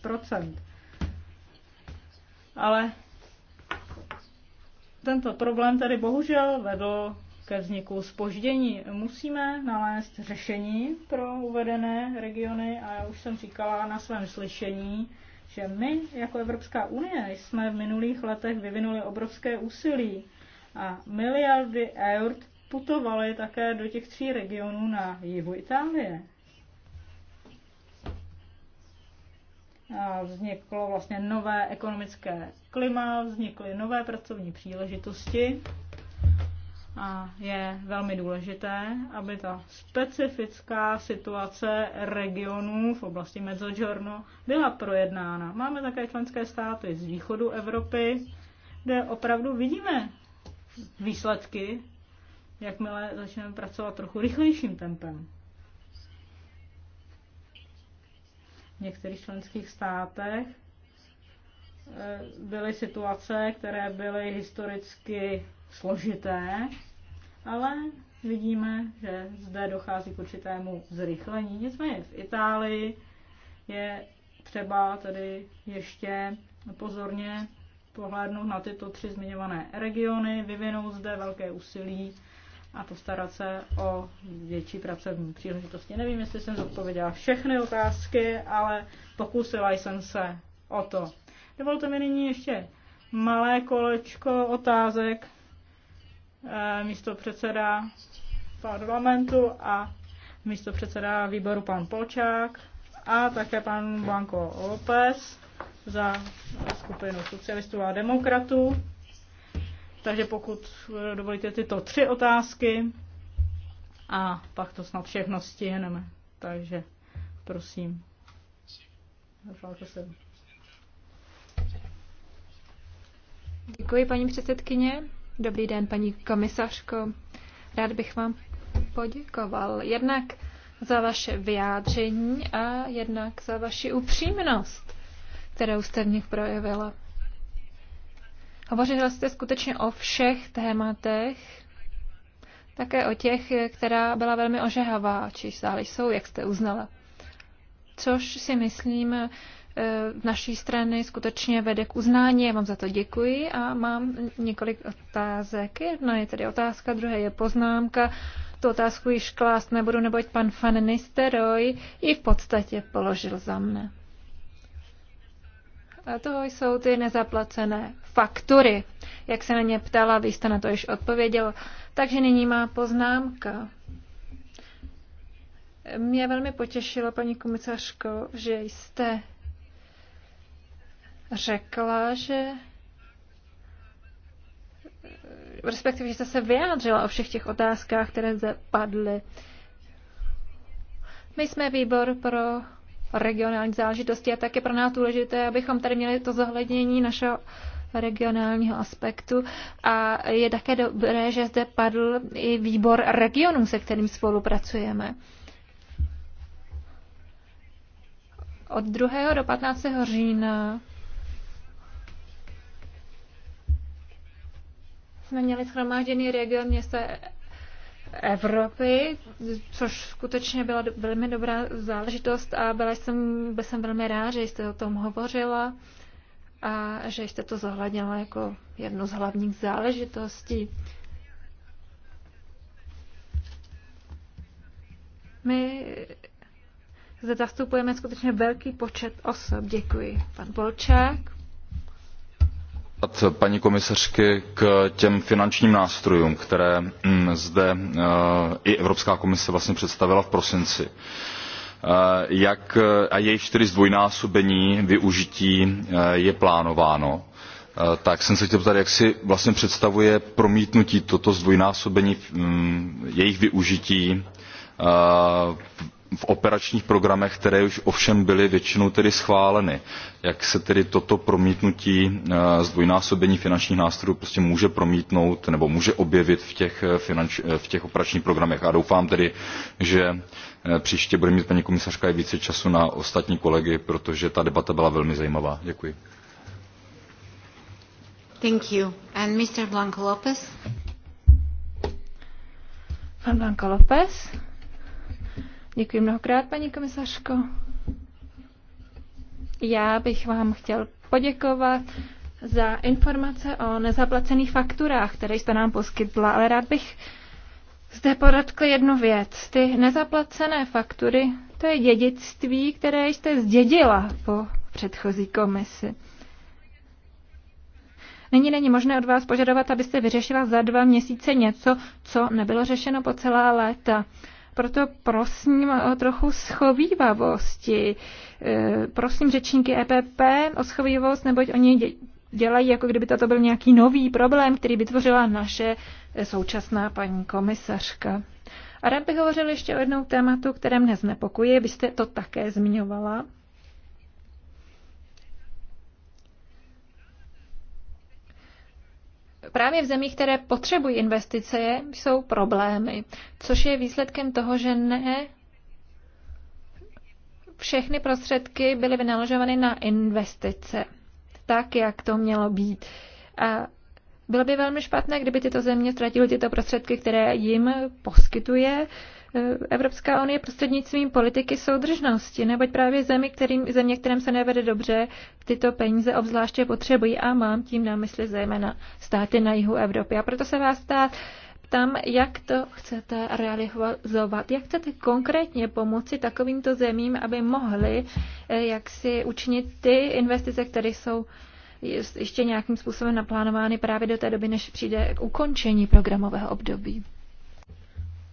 ale tento problém tady bohužel vedl ke vzniku spoždění. Musíme nalézt řešení pro uvedené regiony a já už jsem říkala na svém slyšení, že my jako Evropská unie jsme v minulých letech vyvinuli obrovské úsilí a miliardy eur putovaly také do těch tří regionů na jihu Itálie. vzniklo vlastně nové ekonomické klima, vznikly nové pracovní příležitosti a je velmi důležité, aby ta specifická situace regionů v oblasti Mezzogiorno byla projednána. Máme také členské státy z východu Evropy, kde opravdu vidíme výsledky, jakmile začneme pracovat trochu rychlejším tempem. v některých členských státech eh, byly situace, které byly historicky složité, ale vidíme, že zde dochází k určitému zrychlení. Nicméně v Itálii je třeba tedy ještě pozorně pohlédnout na tyto tři zmiňované regiony, vyvinou zde velké úsilí a postarat se o větší pracovní příležitosti. Nevím, jestli jsem zodpověděla všechny otázky, ale pokusila jsem se o to. Dovolte mi nyní ještě malé kolečko otázek. Eh, místo předseda parlamentu a místo předseda výboru pan Polčák a také pan Blanco López za skupinu socialistů a demokratů. Takže pokud dovolíte tyto tři otázky a pak to snad všechno stihneme. Takže prosím. Děkuji, paní předsedkyně. Dobrý den, paní komisařko. Rád bych vám poděkoval jednak za vaše vyjádření a jednak za vaši upřímnost, kterou jste v nich projevila. Hovořil jste skutečně o všech tématech, také o těch, která byla velmi ožehavá, či stále jsou, jak jste uznala. Což si myslím, eh, v naší strany skutečně vede k uznání. Já vám za to děkuji a mám několik otázek. Jedna je tedy otázka, druhá je poznámka. Tu otázku již klást nebudu, neboť pan Fan Nisteroj ji v podstatě položil za mne. A to jsou ty nezaplacené faktury. Jak se na ně ptala, vy jste na to již odpověděl. Takže nyní má poznámka. Mě velmi potěšilo, paní komisařko, že jste řekla, že respektive, že jste se vyjádřila o všech těch otázkách, které zde padly. My jsme výbor pro regionální záležitosti a tak je pro nás důležité, abychom tady měli to zohlednění našeho regionálního aspektu a je také dobré, že zde padl i výbor regionů, se kterým spolupracujeme. Od 2. do 15. října jsme měli schromážděný region města Evropy, což skutečně byla do, velmi dobrá záležitost a byla jsem, byl jsem velmi rád, že jste o tom hovořila a že jste to zohlednila jako jednu z hlavních záležitostí. My zde zastupujeme skutečně velký počet osob. Děkuji. Pan Bolčák paní komisařky k těm finančním nástrojům které mm, zde eh, i evropská komise vlastně představila v prosinci eh, jak, eh, a jejichž tedy zdvojnásobení využití je plánováno tak jsem se chtěl zeptat jak si vlastně představuje promítnutí toto zdvojnásobení mm, jejich využití v operačních programech které už ovšem byly většinou tedy schváleny jak se tedy toto promítnutí eh, zdvojnásobení finančních nástrojů prostě může promítnout nebo může objevit v těch, eh, finanč, eh, v těch operačních programech a doufám tedy že příště bude mít paní komisařka i více času na ostatní kolegy protože ta debata byla velmi zajímavá. děkuji. Thank you. And Mr. Blanco Lopez? Blanco Lopez? Děkuji mnohokrát, paní komisařko. Já bych vám chtěl poděkovat za informace o nezaplacených fakturách, které jste nám poskytla, ale rád bych zde poradkl jednu věc. Ty nezaplacené faktury, to je dědictví, které jste zdědila po předchozí komisi. Nyní není možné od vás požadovat, abyste vyřešila za dva měsíce něco, co nebylo řešeno po celá léta. Proto prosím o trochu schovývavosti. E, prosím řečníky EPP o schovývavost, neboť oni dělají, jako kdyby toto byl nějaký nový problém, který vytvořila naše současná paní komisařka. A rád bych hovořil ještě o jednou tématu, které mne znepokuje. Vy jste to také zmiňovala. právě v zemích, které potřebují investice, jsou problémy, což je výsledkem toho, že ne všechny prostředky byly vynaložovány na investice, tak, jak to mělo být. A bylo by velmi špatné, kdyby tyto země ztratily tyto prostředky, které jim poskytuje Eh, Evropská unie prostřednictvím politiky soudržnosti, neboť právě zemi, kterým, země, kterým se nevede dobře, tyto peníze obzvláště potřebují a mám tím na mysli zejména státy na jihu Evropy. A proto se vás stát tam, jak to chcete realizovat, jak chcete konkrétně pomoci takovýmto zemím, aby mohli eh, jak si učinit ty investice, které jsou ještě nějakým způsobem naplánovány právě do té doby, než přijde k ukončení programového období.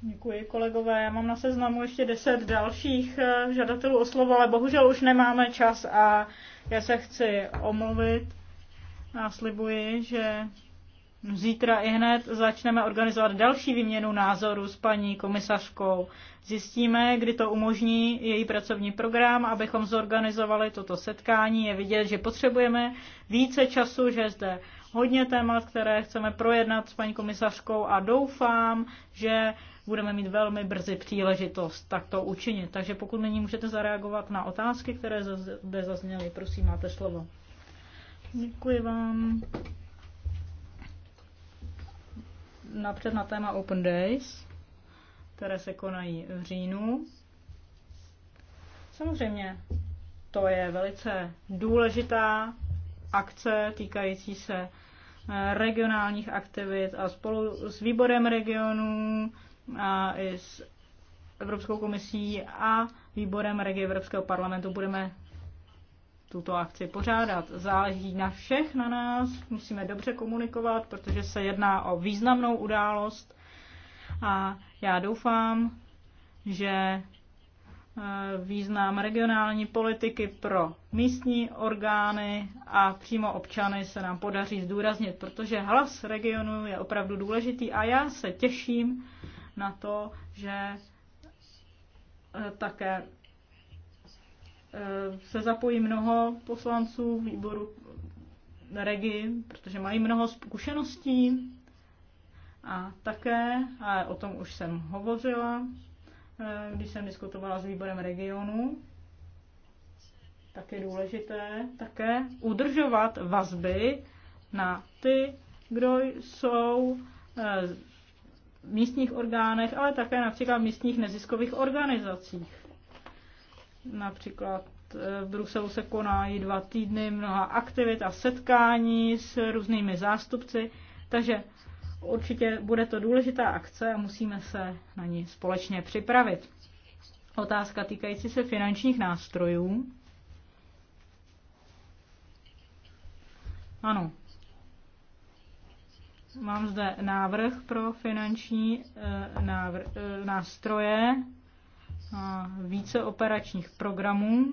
Děkuji kolegové. Já mám na seznamu ještě deset dalších eh, žadatelů o slovo, ale bohužel už nemáme čas a já se chci omluvit. A slibuji, že zítra i hned začneme organizovat další výměnu názorů s paní komisařkou. Zjistíme, kdy to umožní její pracovní program, abychom zorganizovali toto setkání. Je vidět, že potřebujeme více času, že zde hodně témat, které chceme projednat s paní komisařkou a doufám, že budeme mít velmi brzy příležitost takto učinit. Takže pokud nyní můžete zareagovat na otázky, které zde zazněly, prosím, máte slovo. Děkuji vám. Napřed na téma Open Days, které se konají v říjnu. Samozřejmě to je velice důležitá akce týkající se regionálních aktivit a spolu s výborem regionů a i s Evropskou komisí a výborem regi Evropského parlamentu budeme tuto akci pořádat. Záleží na všech na nás, musíme dobře komunikovat, protože se jedná o významnou událost a já doufám, že význam regionální politiky pro místní orgány a přímo občany se nám podaří zdůraznit, protože hlas regionu je opravdu důležitý a já se těším na to, že eh, také eh, se zapojí mnoho poslanců výboru regi, protože mají mnoho zkušeností a také, a o tom už jsem hovořila, Eh, když jsem diskutovala s výborem regionu, tak je důležité také udržovat vazby na ty, kdo jsou eh, v místních orgánech, ale také například v místních neziskových organizacích. Například eh, v Bruselu se konají dva týdny mnoha aktivit a setkání s různými zástupci, takže Určitě bude to důležitá akce a musíme se na ní společně připravit. Otázka týkající se finančních nástrojů. Ano. Mám zde návrh pro finanční eh, návr, eh, nástroje a více operačních programů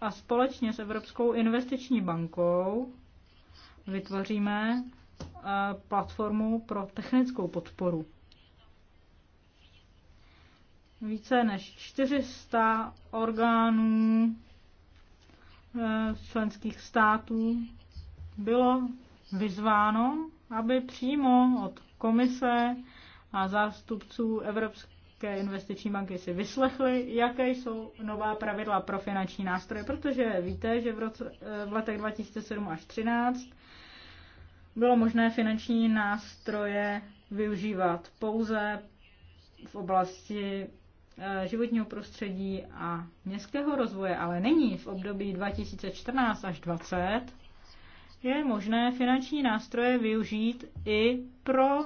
a společně s Evropskou investiční bankou vytvoříme Eh, platformu pro technickou podporu. Více než 400 orgánů eh, členských států bylo vyzváno, aby přímo od komise a zástupců Evropské investiční banky si vyslechli, jaké jsou nová pravidla pro finanční nástroje, protože víte, že v, roce, eh, v letech 2007 až 2013 bylo možné finanční nástroje využívat pouze v oblasti eh, životního prostředí a městského rozvoje, ale nyní v období 2014 až 2020 je možné finanční nástroje využít i pro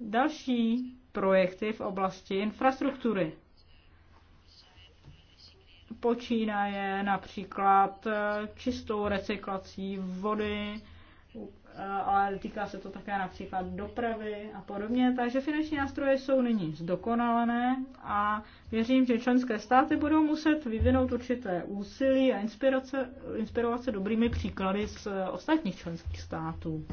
další projekty v oblasti infrastruktury. Počínaje například eh, čistou recyklací vody, Eh, ale týká se to také například dopravy a podobně. Takže finanční nástroje jsou nyní zdokonalené a věřím, že členské státy budou muset vyvinout určité úsilí a inspirace, inspirovat se dobrými příklady z ostatních členských států.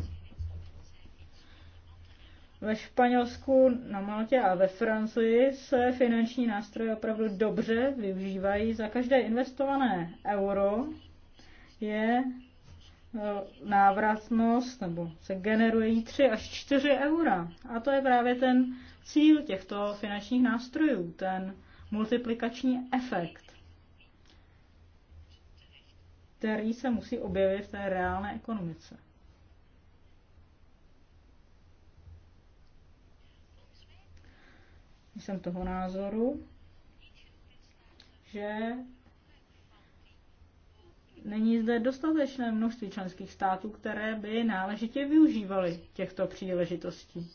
Ve Španělsku, na Maltě a ve Francii se finanční nástroje opravdu dobře využívají. Za každé investované euro je E, návratnost, nebo se generují 3 až 4 eura. A to je právě ten cíl těchto finančních nástrojů, ten multiplikační efekt, který se musí objevit v té reálné ekonomice. Jsem toho názoru, že Není zde dostatečné množství členských států, které by náležitě využívaly těchto příležitostí.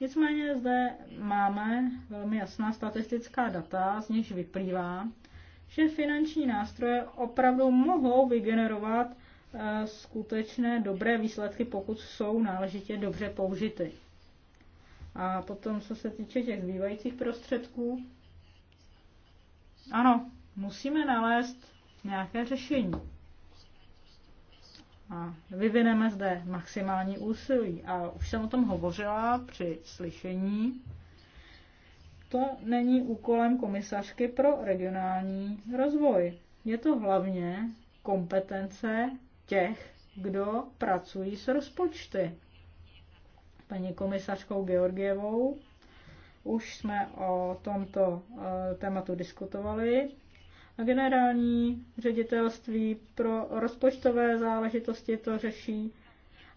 Nicméně zde máme velmi jasná statistická data, z nichž vyplývá, že finanční nástroje opravdu mohou vygenerovat eh, skutečné dobré výsledky, pokud jsou náležitě dobře použity. A potom, co se týče těch zbývajících prostředků, ano, musíme nalézt nějaké řešení. A vyvineme zde maximální úsilí. A už jsem o tom hovořila při slyšení. To není úkolem komisařky pro regionální rozvoj. Je to hlavně kompetence těch, kdo pracují s rozpočty. Paní komisařkou Georgievou už jsme o tomto eh, tématu diskutovali generální ředitelství pro rozpočtové záležitosti to řeší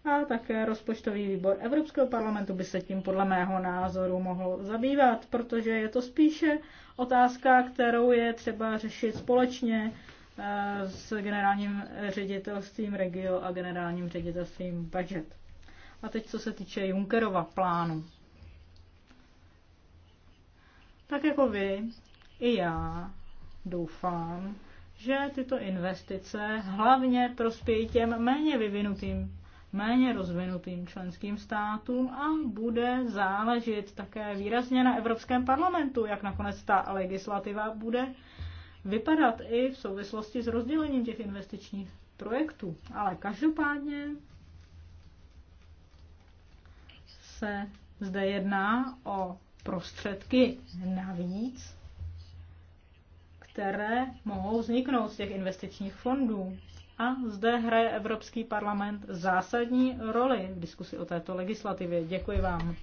a také rozpočtový výbor Evropského parlamentu by se tím podle mého názoru mohl zabývat, protože je to spíše otázka, kterou je třeba řešit společně eh, s generálním ředitelstvím Regio a generálním ředitelstvím Budget. A teď co se týče Junckerova plánu. Tak jako vy, i já doufám, že tyto investice hlavně prospějí těm méně vyvinutým, méně rozvinutým členským státům a bude záležet také výrazně na Evropském parlamentu, jak nakonec ta legislativa bude vypadat i v souvislosti s rozdělením těch investičních projektů. Ale každopádně se zde jedná o prostředky navíc, které mohou vzniknout z těch investičních fondů. A zde hraje Evropský parlament zásadní roli v diskusi o této legislativě. Děkuji vám.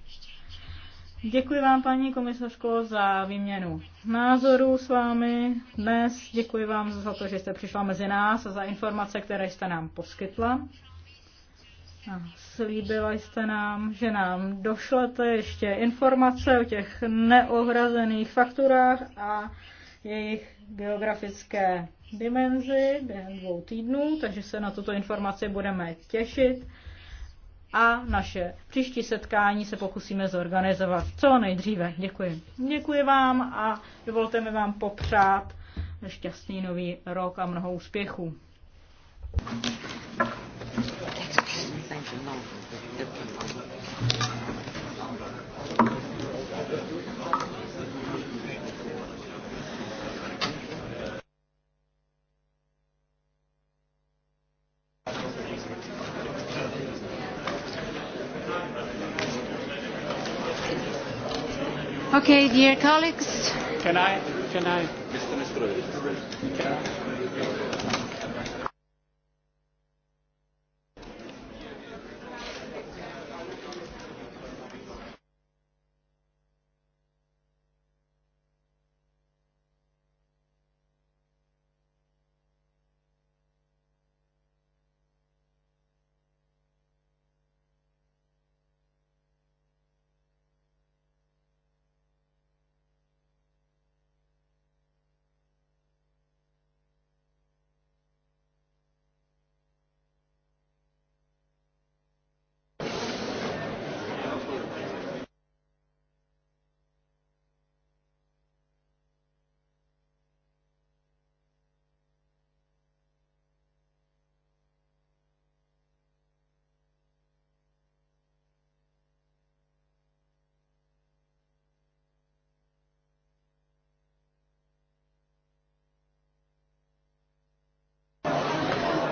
Děkuji vám, paní komisařko, za výměnu názorů s vámi dnes. Děkuji vám za to, že jste přišla mezi nás a za informace, které jste nám poskytla. A slíbila jste nám, že nám došlete ještě informace o těch neohrazených fakturách a jejich geografické dimenzi během dvou týdnů, takže se na tuto informaci budeme těšit a naše příští setkání se pokusíme zorganizovat co nejdříve. Děkuji. Děkuji vám a dovolte mi vám popřát šťastný nový rok a mnoho úspěchů. Okay, dear colleagues. Can I, can I, Mr. Mr. Can I?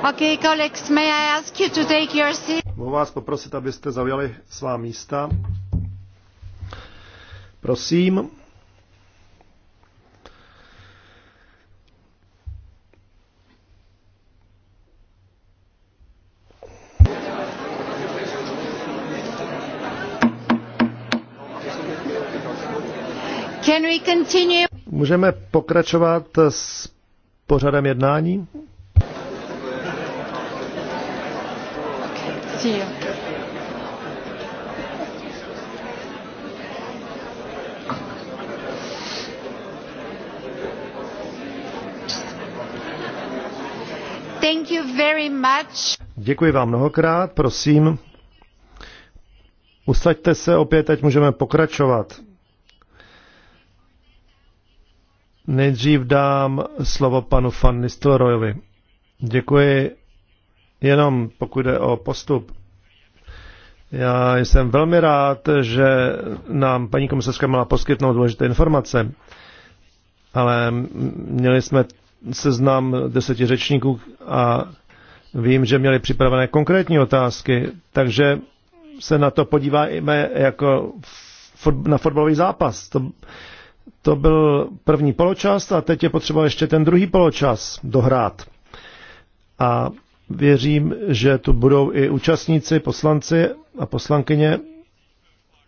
Okay, colleagues, may I ask you to take your seat? Mohu vás poprosit, abyste zaujali svá místa. Prosím. Can we continue? Můžeme pokračovat s pořadem jednání? partir. Thank you very much. Děkuji vám mnohokrát, prosím. Usaďte se opět, ať můžeme pokračovat. Nejdřív dám slovo panu Van Nistelrooyovi. Děkuji Jenom pokud jde o postup, já jsem velmi rád, že nám paní komisařka měla poskytnout důležité informace, ale měli jsme seznam deseti řečníků a vím, že měli připravené konkrétní otázky, takže se na to podíváme jako na fotbalový zápas. To, to byl první poločas a teď je potřeba ještě ten druhý poločas dohrát. A Věřím, že tu budou i účastníci, poslanci a poslankyně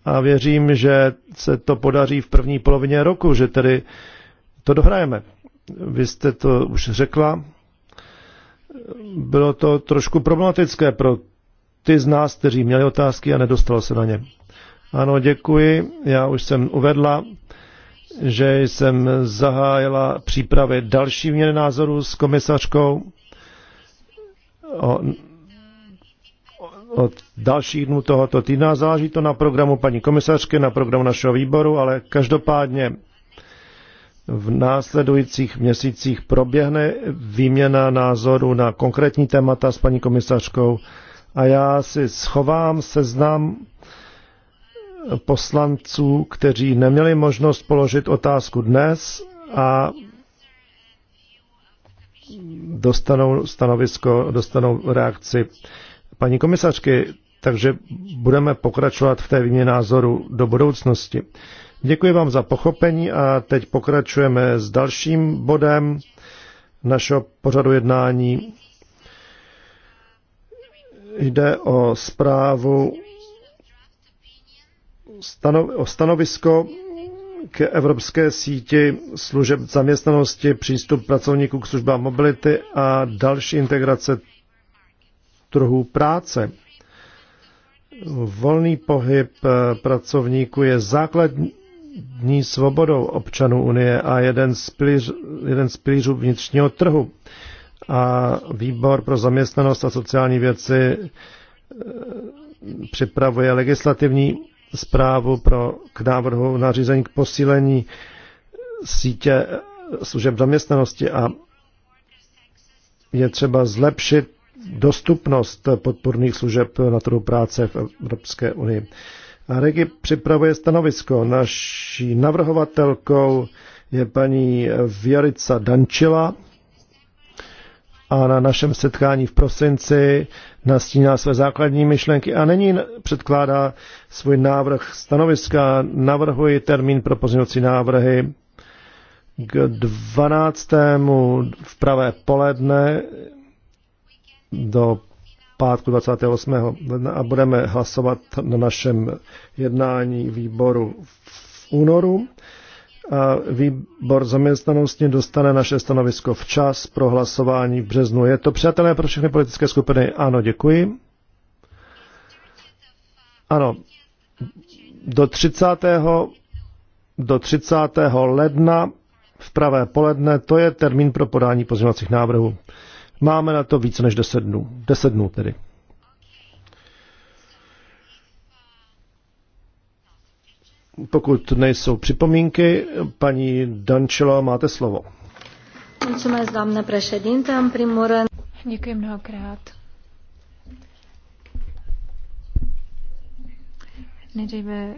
a věřím, že se to podaří v první polovině roku, že tedy to dohrajeme. Vy jste to už řekla. Bylo to trošku problematické pro ty z nás, kteří měli otázky a nedostalo se na ně. Ano, děkuji. Já už jsem uvedla, že jsem zahájila přípravy další měny názorů s komisařkou o, od dalších dnů tohoto týdna. Záleží to na programu paní komisařky, na programu našeho výboru, ale každopádně v následujících měsících proběhne výměna názorů na konkrétní témata s paní komisařkou a já si schovám seznam poslanců, kteří neměli možnost položit otázku dnes a dostanou stanovisko, dostanou reakci paní komisařky, takže budeme pokračovat v té výměně názoru do budoucnosti. Děkuji vám za pochopení a teď pokračujeme s dalším bodem našeho pořadu jednání. Jde o zprávu o stanovisko k evropské síti služeb zaměstnanosti, přístup pracovníků k službám mobility a další integrace trhu práce. Volný pohyb eh, pracovníků je základní svobodou občanů Unie a jeden z, pilíř, jeden z pilířů vnitřního trhu. A výbor pro zaměstnanost a sociální věci eh, připravuje legislativní zprávu pro, k návrhu na řízení k posílení sítě služeb zaměstnanosti a je třeba zlepšit dostupnost podporných služeb na trhu práce v Evropské unii. A Regi připravuje stanovisko. Naší navrhovatelkou je paní Vjarica Dančila, a na našem setkání v prosinci nastíná své základní myšlenky a není předkládá svůj návrh stanoviska. Navrhuji termín pro pozměňovací návrhy k 12. v pravé poledne do pátku 28. ledna a budeme hlasovat na našem jednání výboru v únoru a výbor zaměstnanosti dostane naše stanovisko včas pro hlasování v březnu. Je to přátelé pro všechny politické skupiny? Ano, děkuji. Ano, do 30. do 30. ledna v pravé poledne, to je termín pro podání pozměňovacích návrhů. Máme na to více než 10 dnů. 10 dnů tedy. Pokud nejsou připomínky, paní Dančela, máte slovo. Mulțumesc, doamnă președinte. În primul rând... Děkuji mnohokrát. Nejdříve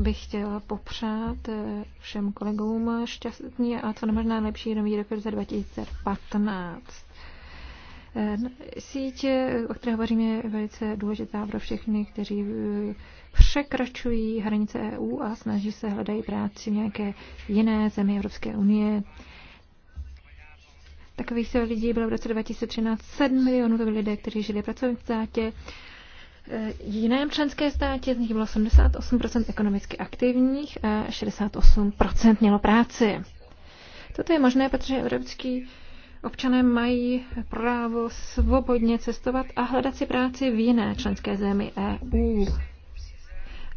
bych chtěla popřát eh, všem kolegům šťastný a co nemožná lepší nový rok za 2015. Eh, síť, eh, o které hovořím, je velice důležitá pro všechny, kteří eh, překračují hranice EU a snaží se hledají práci v nějaké jiné zemi Evropské unie. Takových se lidí bylo v roce 2013 7 milionů, to byli lidé, kteří žili v pracovním státě. Jiném členské státě z nich bylo 78% ekonomicky aktivních a 68% mělo práci. Toto je možné, protože Evropský Občané mají právo svobodně cestovat a hledat si práci v jiné členské zemi EU,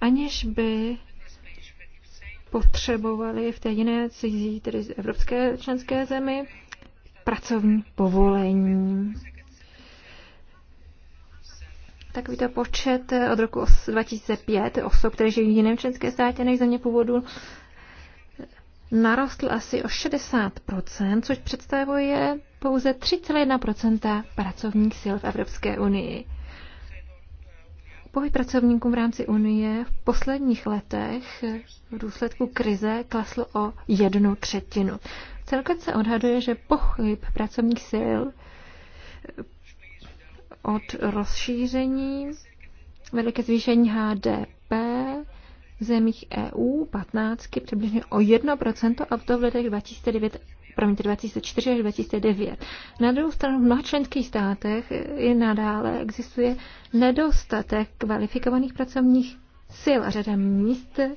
aniž by potřebovali v té jiné cizí, tedy z evropské členské zemi, pracovní povolení. to počet od roku 2005 osob, které žijí v jiném členské státě než země původu, narostl asi o 60%, což představuje pouze 3,1% pracovních sil v Evropské unii. Pohyb pracovníků v rámci Unie v posledních letech v důsledku krize klesl o jednu třetinu. Celkem se odhaduje, že pohyb pracovních sil od rozšíření velké ke zvýšení HDP v zemích EU 15 přibližně o 1% a to v letech 2009 promiňte, 2004 až 2009. Na druhou stranu v mnoha členských státech i nadále existuje nedostatek kvalifikovaných pracovních sil a řada míst eh,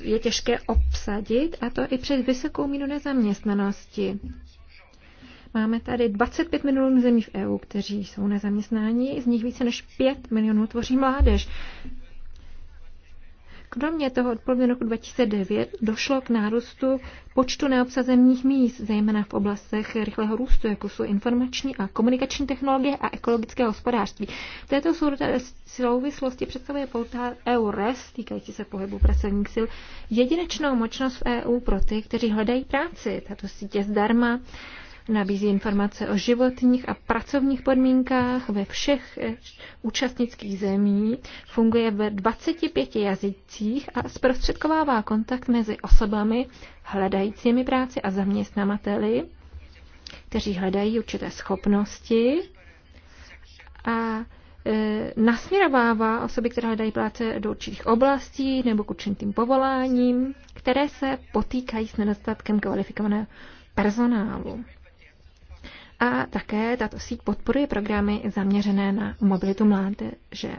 je těžké obsadit a to i přes vysokou míru nezaměstnanosti. Máme tady 25 milionů zemí v EU, kteří jsou nezaměstnáni, z nich více než 5 milionů tvoří mládež. Kromě toho od poloviny roku 2009 došlo k nárůstu počtu neobsazených míst, zejména v oblastech rychlého růstu, jako jsou informační a komunikační technologie a ekologické hospodářství. V této souvislosti představuje EU EURES, týkající se pohybu pracovních sil, jedinečnou možnost v EU pro ty, kteří hledají práci. Tato sítě zdarma nabízí informace o životních a pracovních podmínkách ve všech eh, účastnických zemí, funguje ve 25 jazycích a zprostředkovává kontakt mezi osobami hledajícími práci a zaměstnavateli, kteří hledají určité schopnosti a eh, nasměrovává osoby, které hledají práce do určitých oblastí nebo k určitým povoláním, které se potýkají s nedostatkem kvalifikovaného personálu. A také tato síť podporuje programy zaměřené na mobilitu mládeže.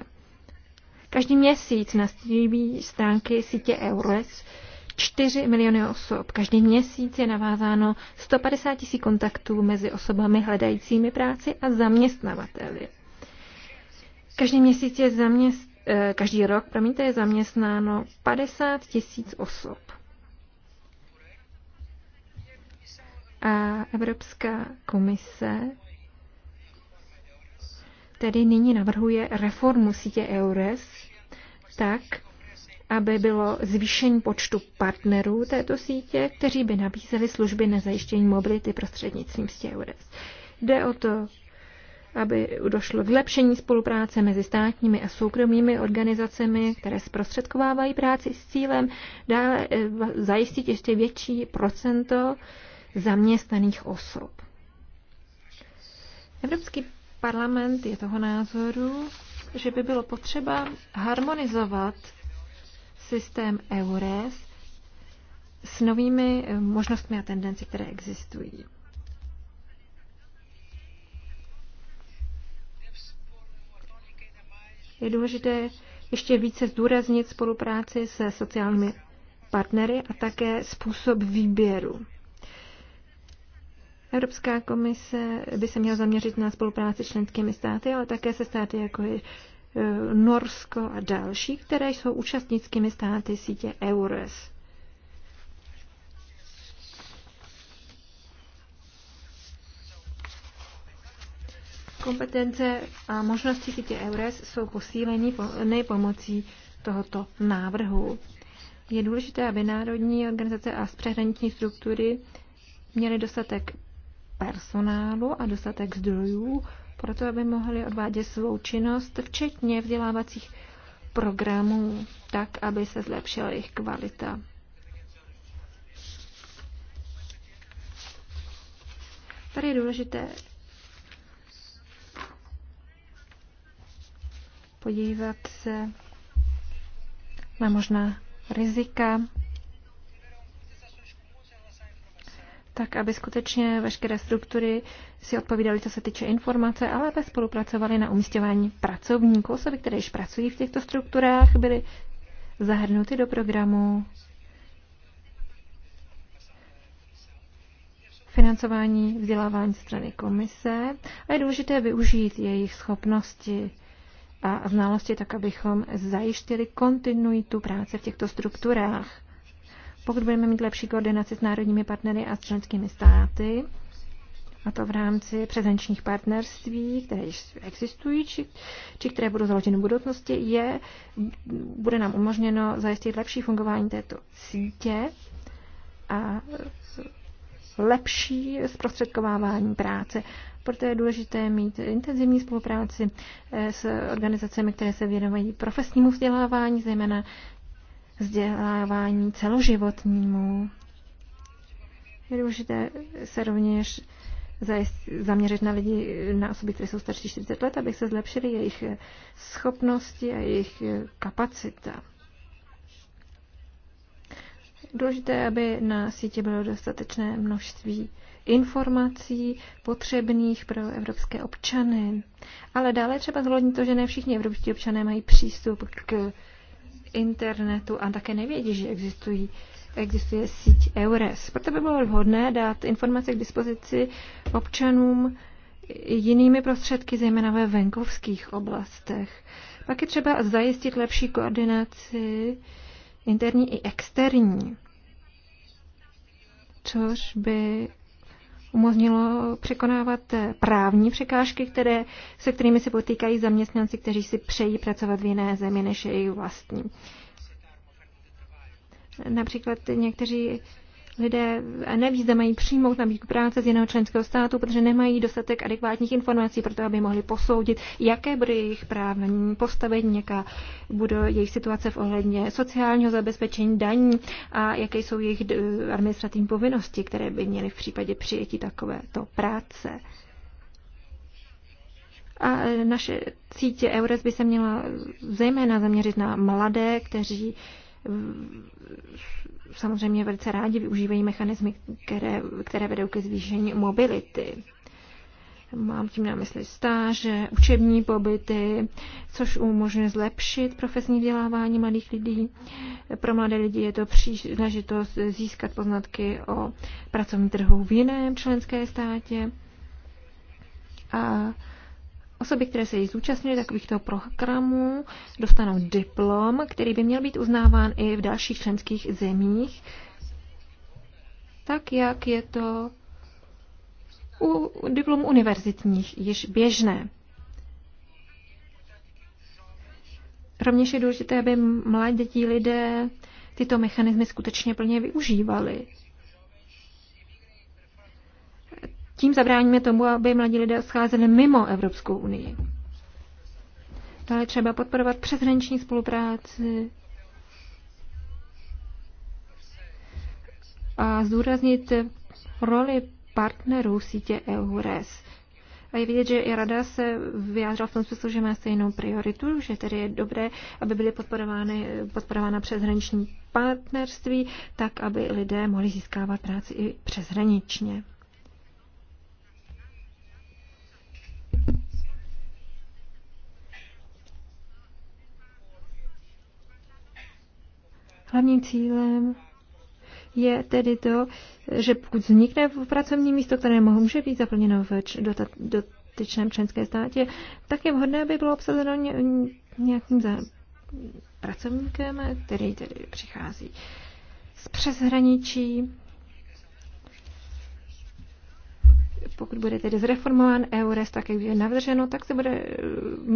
Každý měsíc nastíví stránky sítě EURES 4 miliony osob. Každý měsíc je navázáno 150 tisíc kontaktů mezi osobami hledajícími práci a zaměstnavateli. Každý měsíc je zaměst, eh, každý rok, promiňte, je zaměstnáno 50 tisíc osob. A Evropská komise tedy nyní navrhuje reformu sítě EURES tak, aby bylo zvýšení počtu partnerů této sítě, kteří by nabízeli služby na zajištění mobility prostřednictvím sítě EURES. Jde o to, aby došlo k zlepšení spolupráce mezi státními a soukromými organizacemi, které zprostředkovávají práci s cílem dále eh, zajistit ještě větší procento zaměstnaných osob. Evropský parlament je toho názoru, že by bylo potřeba harmonizovat systém EURES s novými eh, možnostmi a tendenci, které existují. Je důležité ještě více zdůraznit spolupráci se sociálními partnery a také způsob výběru. Evropská komise by se měla zaměřit na spolupráci s členskými státy, ale také se státy jako je e, Norsko a další, které jsou účastnickými státy sítě EURES. Kompetence a možnosti sítě EURES jsou posíleny nejpomocí tohoto návrhu. Je důležité, aby národní organizace a přehraniční struktury měly dostatek personálu a dostatek zdrojů proto aby mohli odvádět svou činnost, včetně vzdělávacích programů, tak, aby se zlepšila jejich kvalita. Tady je důležité podívat se na možná rizika tak aby skutečně veškeré struktury si odpovídaly, co se týče informace, ale aby spolupracovali na umístěvání pracovníků. Osoby, které již pracují v těchto strukturách, byly zahrnuty do programu financování vzdělávání strany komise a je důležité využít jejich schopnosti a znalosti tak, abychom zajištili kontinuitu práce v těchto strukturách pokud budeme mít lepší koordinaci s národními partnery a s členskými státy, a to v rámci prezenčních partnerství, které již existují, či, či které budou založeny v budoucnosti, je, bude nám umožněno zajistit lepší fungování této sítě a lepší zprostředkovávání práce. Proto je důležité mít intenzivní spolupráci s organizacemi, které se věnují profesnímu vzdělávání, zejména vzdělávání celoživotnímu. Je důležité se rovněž zaměřit na lidi, na osoby, které jsou starší 40 let, aby se zlepšily jejich schopnosti a jejich kapacita. Důležité, aby na síti bylo dostatečné množství informací potřebných pro evropské občany. Ale dále třeba zhlednit to, že ne všichni evropští občané mají přístup k internetu a také nevědí, že existují, existuje síť EURES. Proto by bylo vhodné dát informace k dispozici občanům jinými prostředky, zejména ve venkovských oblastech. Pak je třeba zajistit lepší koordinaci interní i externí, což by umožnilo překonávat právní překážky, které, se kterými se potýkají zaměstnanci, kteří si přejí pracovat v jiné zemi než jejich vlastní. Například někteří lidé neví, zda mají přijmout nabídku práce z jiného členského státu, protože nemají dostatek adekvátních informací pro to, aby mohli posoudit, jaké bude jejich právní postavení, jaká bude jejich situace v ohledně sociálního zabezpečení daní a jaké jsou jejich eh, administrativní povinnosti, které by měly v případě přijetí takovéto práce. A eh, naše cítě EURES by se měla zejména zaměřit na mladé, kteří samozřejmě velice rádi využívají mechanismy, které, které vedou ke zvýšení mobility. Mám tím na mysli stáže, učební pobyty, což umožňuje zlepšit profesní vzdělávání mladých lidí. Pro mladé lidi je to příležitost získat poznatky o pracovním trhu v jiném členské státě. A Osoby, které se jí zúčastnily takovýchto programů, dostanou diplom, který by měl být uznáván i v dalších členských zemích, tak jak je to u diplomů univerzitních již běžné. Rovněž je důležité, aby mladí lidé tyto mechanismy skutečně plně využívali. Tím zabráníme tomu, aby mladí lidé scházeli mimo Evropskou unii. Dále třeba podporovat přeshraniční spolupráci a zdůraznit roli partnerů sítě EURES. A je vidět, že i rada se vyjádřila v tom smyslu, že má stejnou prioritu, že tedy je dobré, aby byly podporovány, podporována přeshraniční partnerství, tak aby lidé mohli získávat práci i přeshraničně. Hlavním cílem je tedy to, že pokud vznikne v pracovní místo, které mohou může být zaplněno v dotyčném členské státě, tak je vhodné, aby bylo obsazeno nějakým za pracovníkem, který tedy přichází z přeshraničí pokud bude tedy zreformován EURES, tak jak je navrženo, tak se bude eh,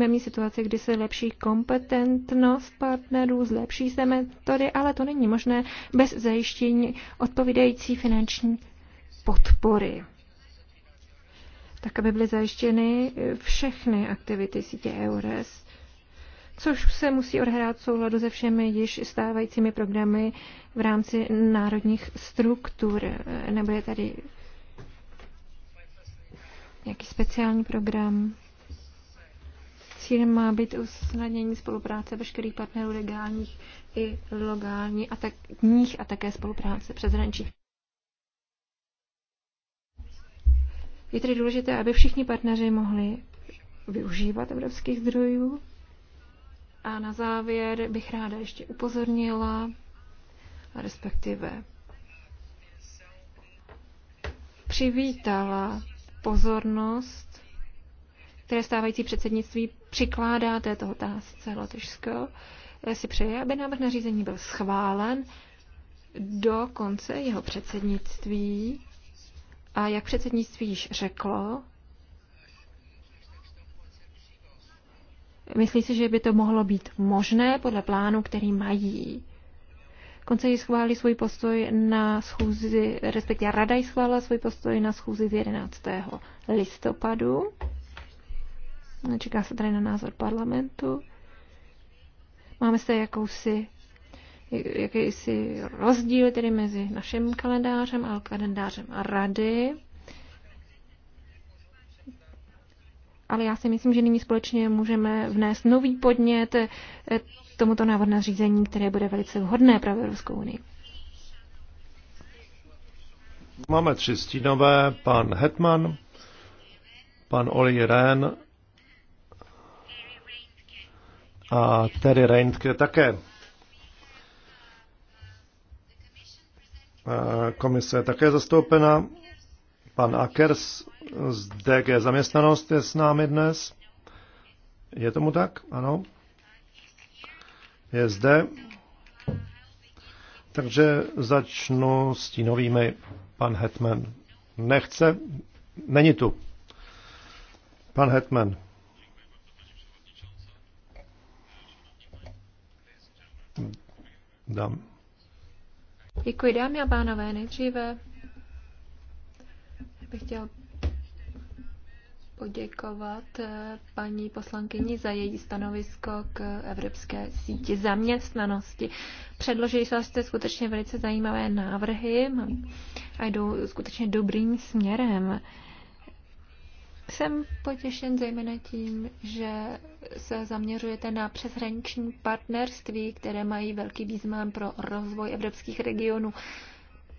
mít situace, kdy se lepší kompetentnost partnerů, zlepší se metody, ale to není možné bez zajištění odpovídající finanční podpory tak aby byly zajištěny eh, všechny aktivity sítě EURES, což se musí odhrát v souladu se všemi již stávajícími programy v rámci národních struktur. Eh, nebo je tady nějaký speciální program. Cílem má být usnadnění spolupráce veškerých partnerů legálních i logální a tak, nich a také spolupráce přes hraničí. Je tedy důležité, aby všichni partneři mohli využívat evropských zdrojů. A na závěr bych ráda ještě upozornila, respektive přivítala pozornost, které stávající předsednictví přikládá této otázce Lotyšsko, si přeje, aby návrh nařízení byl schválen do konce jeho předsednictví. A jak předsednictví již řeklo, myslí si, že by to mohlo být možné podle plánu, který mají ji schválili svůj postoj na schůzi, respektive Rada schválila svůj postoj na schůzi z 11. listopadu. Čeká se tady na názor parlamentu. Máme se jakousi jakýsi rozdíl tedy mezi naším kalendářem a kalendářem rady. ale já si myslím, že nyní společně můžeme vnést nový podnět eh, tomuto návrhu na řízení, které bude velice vhodné pro Evropskou unii. Máme tři stínové, pan Hetman, pan Oli Rehn a Terry Reintke také. Eh, komise je také zastoupena. Pan Akers z DG Zaměstnanost je s námi dnes. Je tomu tak? Ano. Je zde. Takže začnu s tínovými. Pan Hetman nechce. Není tu. Pan Hetman. Dám. Děkuji dámy a pánové. Nejdříve bych chtěl poděkovat eh, paní poslankyni za její stanovisko k Evropské síti zaměstnanosti. Předložili jste skutečně velice zajímavé návrhy a jdou skutečně dobrým směrem. Jsem potěšen zejména tím, že se zaměřujete na přeshraniční partnerství, které mají velký význam pro rozvoj evropských regionů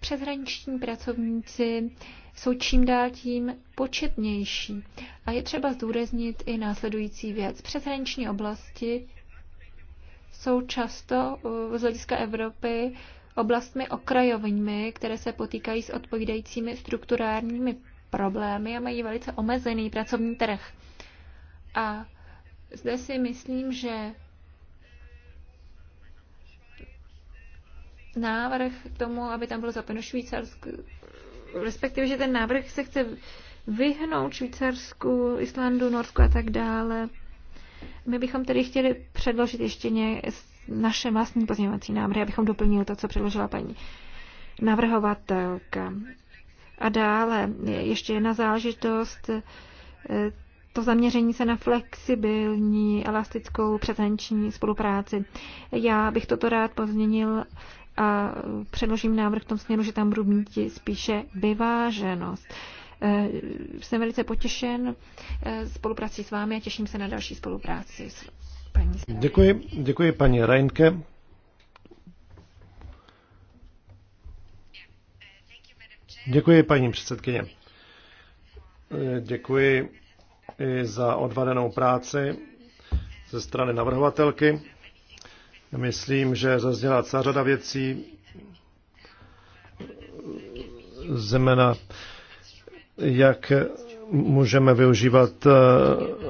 přeshraniční pracovníci jsou čím dál tím početnější. A je třeba zdůraznit i následující věc. Přeshraniční oblasti jsou často uh, z hlediska Evropy oblastmi okrajovými, které se potýkají s odpovídajícími strukturálními problémy a mají velice omezený pracovní trh. A zde si myslím, že návrh k tomu, aby tam bylo zapojeno Švýcarsko, respektive, že ten návrh se chce vyhnout Švýcarsku, Islandu, Norsku a tak dále. My bychom tedy chtěli předložit ještě ně, naše vlastní pozměňovací návrhy, abychom doplnili to, co předložila paní navrhovatelka. A dále ještě jedna záležitost, eh, to zaměření se na flexibilní, elastickou přetenční spolupráci. Já bych toto rád pozměnil a předložím návrh v tom směru, že tam budu mít spíše vyváženost. E, jsem velice potěšen e, spoluprací s vámi a těším se na další spolupráci s paní Děkuji, děkuji paní Reinke. Děkuji, paní předsedkyně. E, děkuji i za odvadenou práci ze strany navrhovatelky. Myslím, že zazněla celá řada věcí, Zemena, jak můžeme využívat eh,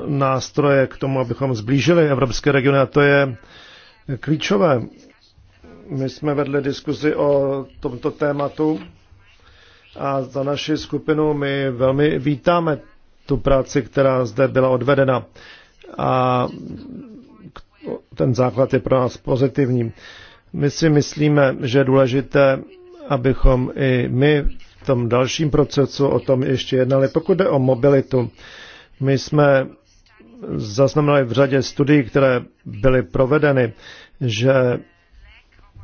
nástroje k tomu, abychom zblížili evropské regiony a to je klíčové. My jsme vedli diskuzi o tomto tématu a za naši skupinu my velmi vítáme tu práci, která zde byla odvedena. A ten základ je pro nás pozitivní. My si myslíme, že je důležité, abychom i my v tom dalším procesu o tom ještě jednali. Pokud jde o mobilitu, my jsme zaznamenali v řadě studií, které byly provedeny, že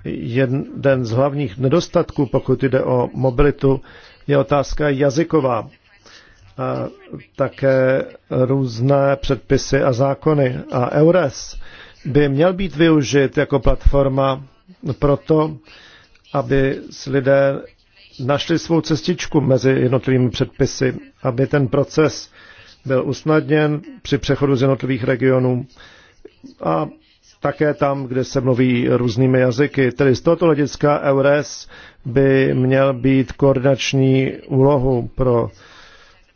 jeden z hlavních nedostatků, pokud jde o mobilitu, je otázka jazyková. A také různé předpisy a zákony a EURES by měl být využit jako platforma pro to, aby lidé našli svou cestičku mezi jednotlivými předpisy, aby ten proces byl usnadněn při přechodu z jednotlivých regionů a také tam, kde se mluví různými jazyky. Tedy z tohoto hlediska EURES by měl být koordinační úlohu pro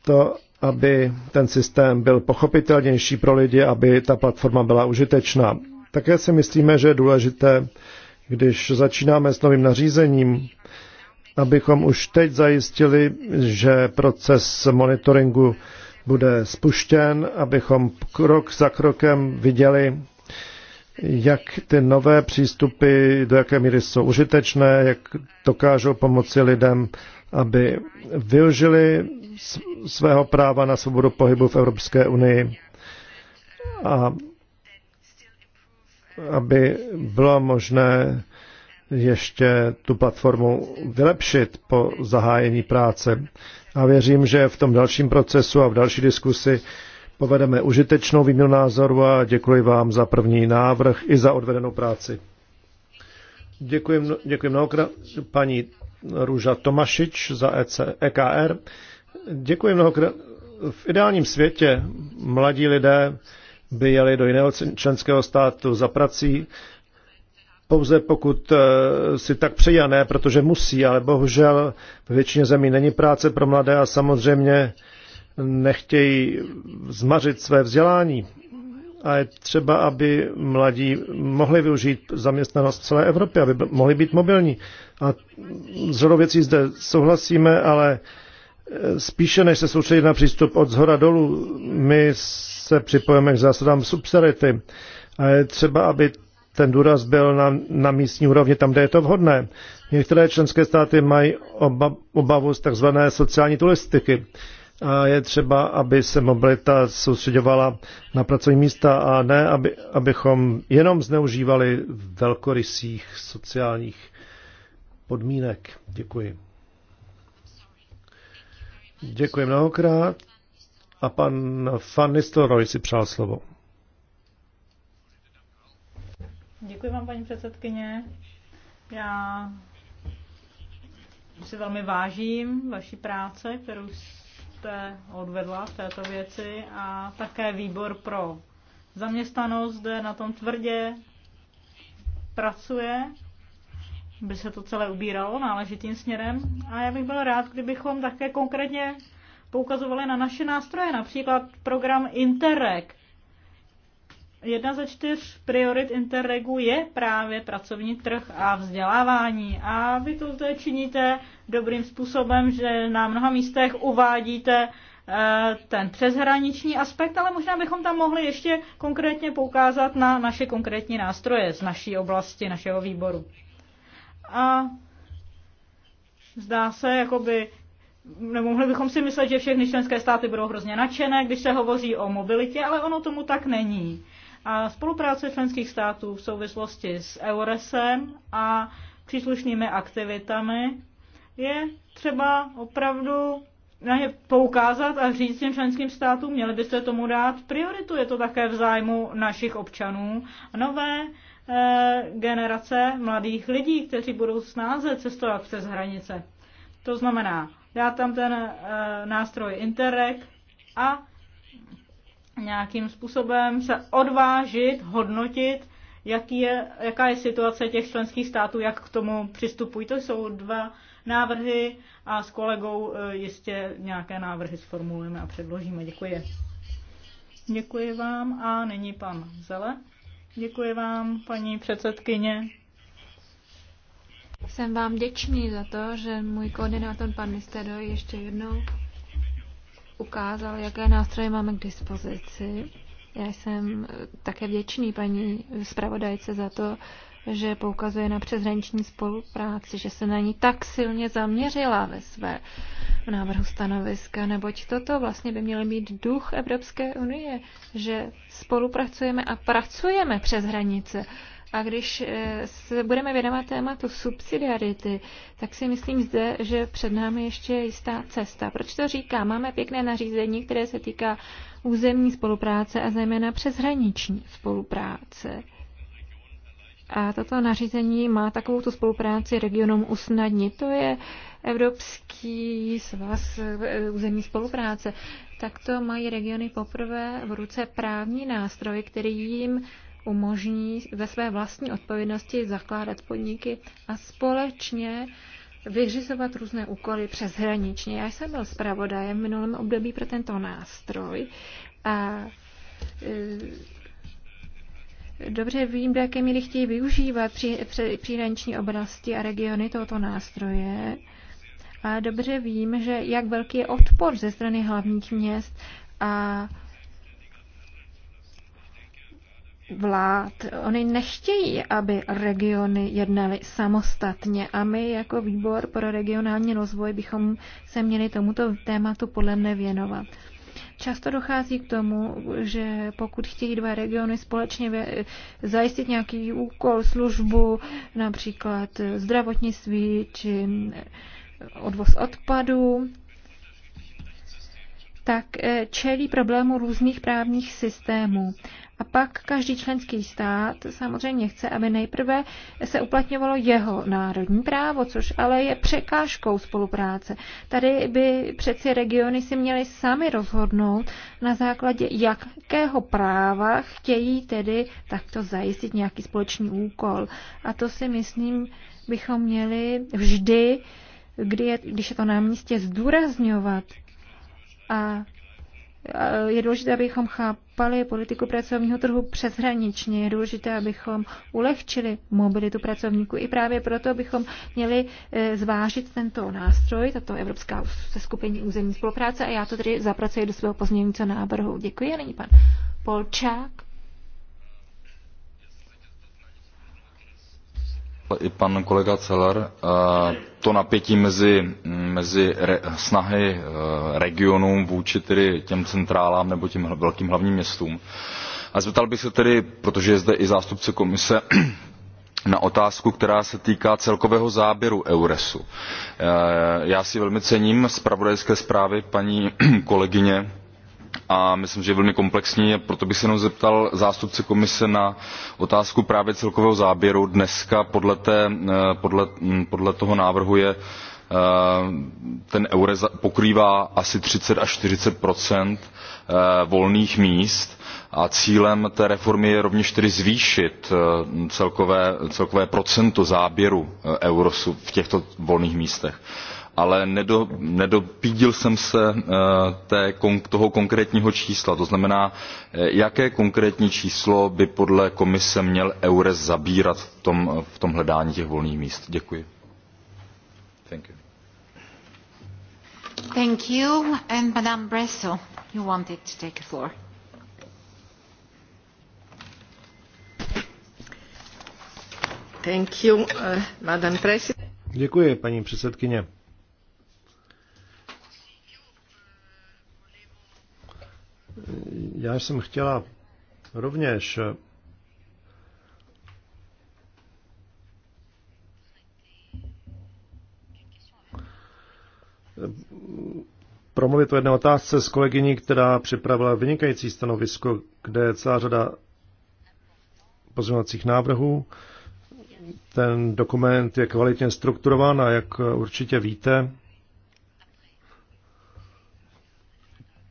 to, aby ten systém byl pochopitelnější pro lidi, aby ta platforma byla užitečná. Také si myslíme, že je důležité, když začínáme s novým nařízením, abychom už teď zajistili, že proces monitoringu bude spuštěn, abychom krok za krokem viděli, jak ty nové přístupy, do jaké míry jsou užitečné, jak dokážou pomoci lidem, aby využili svého práva na svobodu pohybu v Evropské unii a aby bylo možné ještě tu platformu vylepšit po zahájení práce. A věřím, že v tom dalším procesu a v další diskusi povedeme užitečnou výměnu názoru a děkuji vám za první návrh i za odvedenou práci. Děkuji, děkuji mnohokrát paní Růža Tomašič za EC, EKR. Děkuji mnohokrát. V ideálním světě mladí lidé by jeli do jiného členského státu za prací, pouze pokud eh, si tak přejí ne, protože musí, ale bohužel ve většině zemí není práce pro mladé a samozřejmě nechtějí zmařit své vzdělání. A je třeba, aby mladí mohli využít zaměstnanost v celé Evropě, aby mohli být mobilní. A z řadou věcí zde souhlasíme, ale Eh, spíše než se soustředit na přístup od zhora dolů, my se připojeme k zásadám subsidiarity. A je třeba, aby ten důraz byl na, na místní úrovni, tam, kde je to vhodné. Některé členské státy mají oba, obavu z tzv. sociální turistiky. A je třeba, aby se mobilita soustředovala na pracovní místa a ne, aby, abychom jenom zneužívali velkorysých sociálních podmínek. Děkuji. Děkuji mnohokrát. A pan Van Nistelrooy si přál slovo. Děkuji vám, paní předsedkyně. Já si velmi vážím vaší práce, kterou jste odvedla v této věci a také výbor pro zaměstnanost, kde na tom tvrdě pracuje by se to celé ubíralo náležitým směrem. A já bych byl rád, kdybychom také konkrétně poukazovali na naše nástroje, například program Interreg. Jedna ze čtyř priorit Interregu je právě pracovní trh a vzdělávání. A vy to zde činíte dobrým způsobem, že na mnoha místech uvádíte eh, ten přeshraniční aspekt, ale možná bychom tam mohli ještě konkrétně poukázat na naše konkrétní nástroje z naší oblasti, našeho výboru a zdá se, jakoby nemohli bychom si myslet, že všechny členské státy budou hrozně nadšené, když se hovoří o mobilitě, ale ono tomu tak není. A spolupráce členských států v souvislosti s EURESem a příslušnými aktivitami je třeba opravdu na ně poukázat a říct těm členským státům, měli byste tomu dát prioritu. Je to také v zájmu našich občanů. Nové Eh, generace mladých lidí, kteří budou snáze cestovat přes hranice. To znamená, dát tam ten eh, nástroj Interreg a nějakým způsobem se odvážit, hodnotit, jaký je, jaká je situace těch členských států, jak k tomu přistupují. To jsou dva návrhy a s kolegou eh, jistě nějaké návrhy sformulujeme a předložíme. Děkuji. Děkuji vám a nyní pan Zele. Děkuji vám, paní předsedkyně. Jsem vám děčný za to, že můj koordinátor pan Mistedo ještě jednou ukázal, jaké nástroje máme k dispozici. Já jsem také vděčný paní zpravodajce za to, že poukazuje na přeshraniční spolupráci, že se na ní tak silně zaměřila ve své v návrhu stanoviska, neboť toto vlastně by měl být duch Evropské unie, že spolupracujeme a pracujeme přes hranice. A když eh, se budeme věnovat tématu subsidiarity, tak si myslím zde, že před námi ještě je jistá cesta. Proč to říkám? Máme pěkné nařízení, které se týká územní spolupráce a zejména přeshraniční spolupráce. A toto nařízení má takovou tu spolupráci regionům usnadnit. To je Evropský svaz eh, územní spolupráce. Takto mají regiony poprvé v ruce právní nástroj, který jim umožní ve své vlastní odpovědnosti zakládat podniky a společně vyřizovat různé úkoly přeshraničně. Já jsem byl zpravodajem v minulém období pro tento nástroj a eh, dobře vím, do jaké míry chtějí využívat při, při, oblasti a regiony tohoto nástroje. A dobře vím, že jak velký je odpor ze strany hlavních měst a vlád. Oni nechtějí, aby regiony jednaly samostatně a my jako výbor pro regionální rozvoj bychom se měli tomuto tématu podle mne věnovat. Často dochází k tomu, že pokud chtějí dva regiony společně zajistit nějaký úkol, službu, například zdravotnictví či odvoz odpadu, tak eh, čelí problému různých právních systémů. A pak každý členský stát samozřejmě chce, aby nejprve se uplatňovalo jeho národní právo, což ale je překážkou spolupráce. Tady by přeci regiony si měly sami rozhodnout, na základě jakého práva chtějí tedy takto zajistit nějaký společný úkol. A to si myslím, bychom měli vždy, kdy je, když je to na místě, zdůrazňovat. A Eh, je důležité, abychom chápali politiku pracovního trhu přeshraničně. Je důležité, abychom ulehčili mobilitu pracovníků. I právě proto bychom měli eh, zvážit tento nástroj, tato Evropská skupení územní spolupráce. A já to tedy zapracuji do svého pozměňujícího návrhu. Děkuji. A nyní pan Polčák. i pan kolega Celer, to napětí mezi, mezi re, snahy e, regionů vůči tedy těm centrálám nebo těm velkým hlavním městům. A zeptal bych se tedy, protože je zde i zástupce komise, na otázku která se týká celkového záběru euresu. E, já si velmi cením zpravodajské zprávy paní kolegyně a myslím že je velmi komplexní a proto bych se jenom zeptal zástupce komise na otázku právě celkového záběru. dnes eh, hm, podle, toho návrhu je eh, ten eures pokrývá asi thirty až forty eh, volných míst a cílem té reformy je rovněž tedy zvýšit celkové, celkové procento záběru eures v těchto volných místech ale nedopídil jsem se eh, toho konkrétního čísla to znamená eh, jaké konkrétní číslo by podle komise měl eures zabírat eh, v tom, hledání těch volných míst. děkuji. Thank you. Thank you. And Bresso, you wanted to take the floor. Thank you, Madam President. Děkuji, paní předsedkyně. Já jsem chtěla rovněž eh, promluvit o jedné otázce s kolegyní, která připravila vynikající stanovisko, kde je celá řada pozměňovacích návrhů. Ten dokument je kvalitně strukturován a jak eh, určitě víte,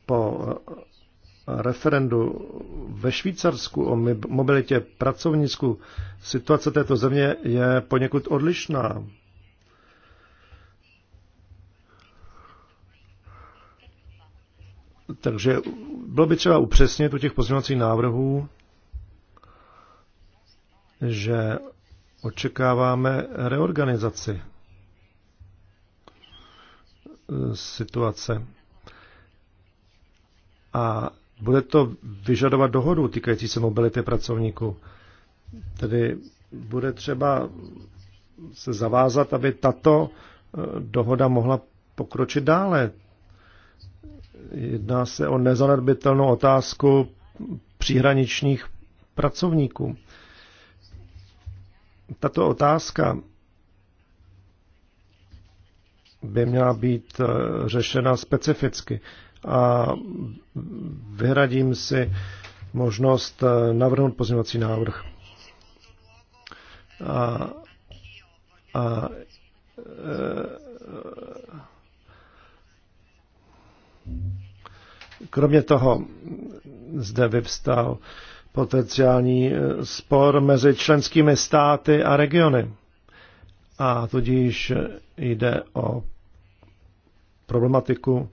po eh, referendu ve Švýcarsku o mobilitě pracovníků situace této země je poněkud odlišná. Takže bylo by třeba upřesnit u těch pozměňovacích návrhů, že očekáváme reorganizaci situace. A bude to vyžadovat dohodu týkající se mobility pracovníků. Tedy bude třeba se zavázat, aby tato e, dohoda mohla pokročit dále. Jedná se o nezanedbitelnou otázku příhraničních pracovníků. Tato otázka by měla být e, řešena specificky a vyhradím si možnost eh, navrhnout pozměňovací návrh. A, a, eh, kromě toho zde vyvstal potenciální eh, spor mezi členskými státy a regiony. A tudíž jde o problematiku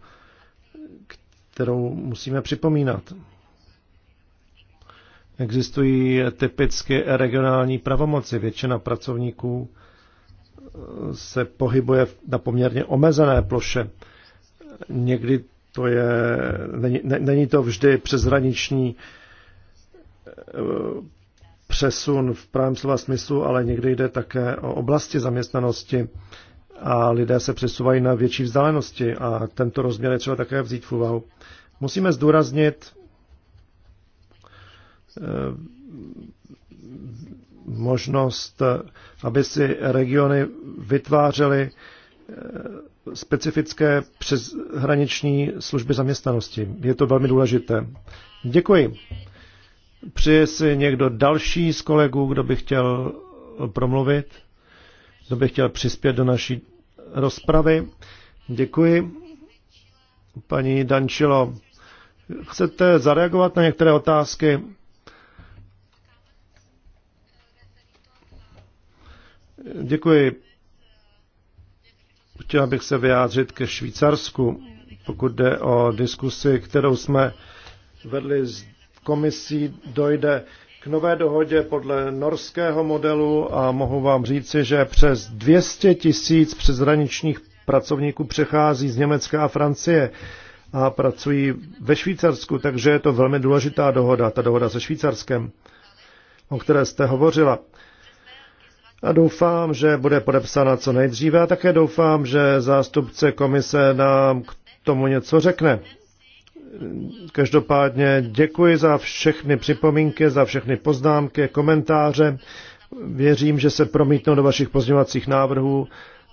kterou musíme připomínat. Existují typicky regionální pravomoci. Většina pracovníků eh, se pohybuje na poměrně omezené ploše. Někdy to je, není, není to vždy přeshraniční eh, přesun v pravém slova smyslu, ale někdy jde také o oblasti zaměstnanosti, a lidé se přesouvají na větší vzdálenosti a tento rozměr je třeba také vzít v úvahu. Musíme zdůraznit eh, možnost, eh, aby si regiony vytvářely eh, specifické přeshraniční služby zaměstnanosti. Je to velmi důležité. Děkuji. Přeje si někdo další z kolegů, kdo by chtěl promluvit, kdo by chtěl přispět do naší rozpravy. Děkuji. Paní Dančilo, chcete zareagovat na některé otázky? Děkuji. Chtěla bych se vyjádřit ke Švýcarsku, pokud jde o diskusi, kterou jsme vedli s komisí, dojde k nové dohodě podle norského modelu a mohu vám říci, že přes 200 tisíc přeshraničních pracovníků přechází z Německa a Francie a pracují ve Švýcarsku, takže je to velmi důležitá dohoda, ta dohoda se Švýcarskem, o které jste hovořila. A doufám, že bude podepsána co nejdříve a také doufám, že zástupce komise nám k tomu něco řekne. Každopádně děkuji za všechny připomínky, za všechny poznámky, komentáře. Věřím, že se promítnou do vašich pozměňovacích návrhů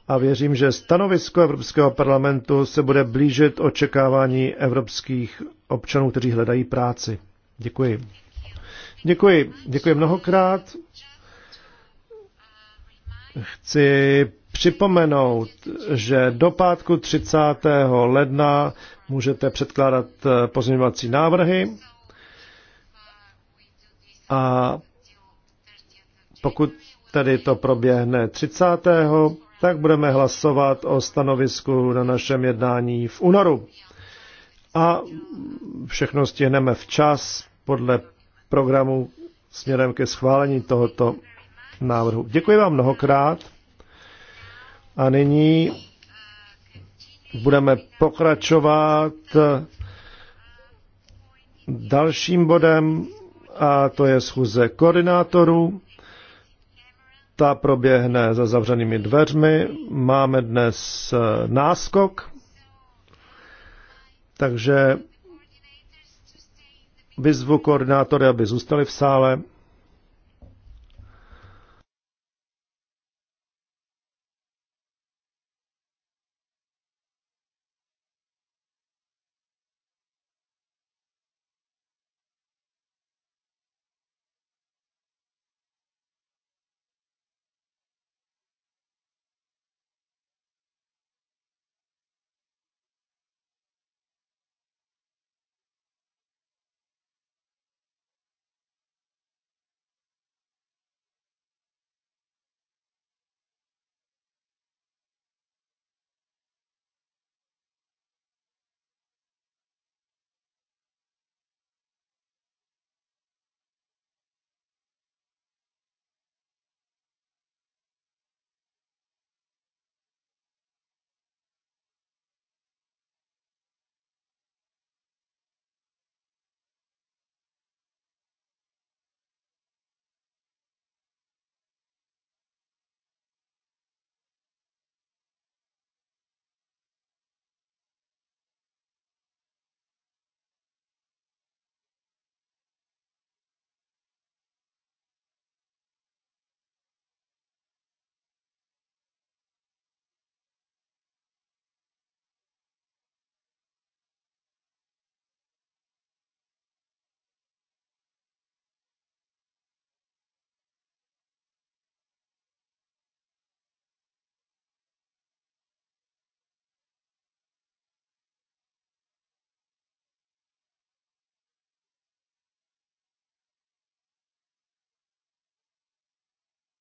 a věřím, že stanovisko Evropského parlamentu se bude blížit očekávání evropských občanů, kteří hledají práci. Děkuji. Děkuji. Děkuji mnohokrát. Chci připomenout, že do pátku 30. ledna můžete předkládat eh, pozměňovací návrhy a pokud tedy to proběhne 30. tak budeme hlasovat o stanovisku na našem jednání v únoru. A všechno stihneme včas podle programu směrem ke schválení tohoto návrhu. Děkuji vám mnohokrát. A nyní budeme pokračovat dalším bodem a to je schůze koordinátorů. Ta proběhne za zavřenými dveřmi. Máme dnes eh, náskok, takže vyzvu koordinátory, aby zůstali v sále.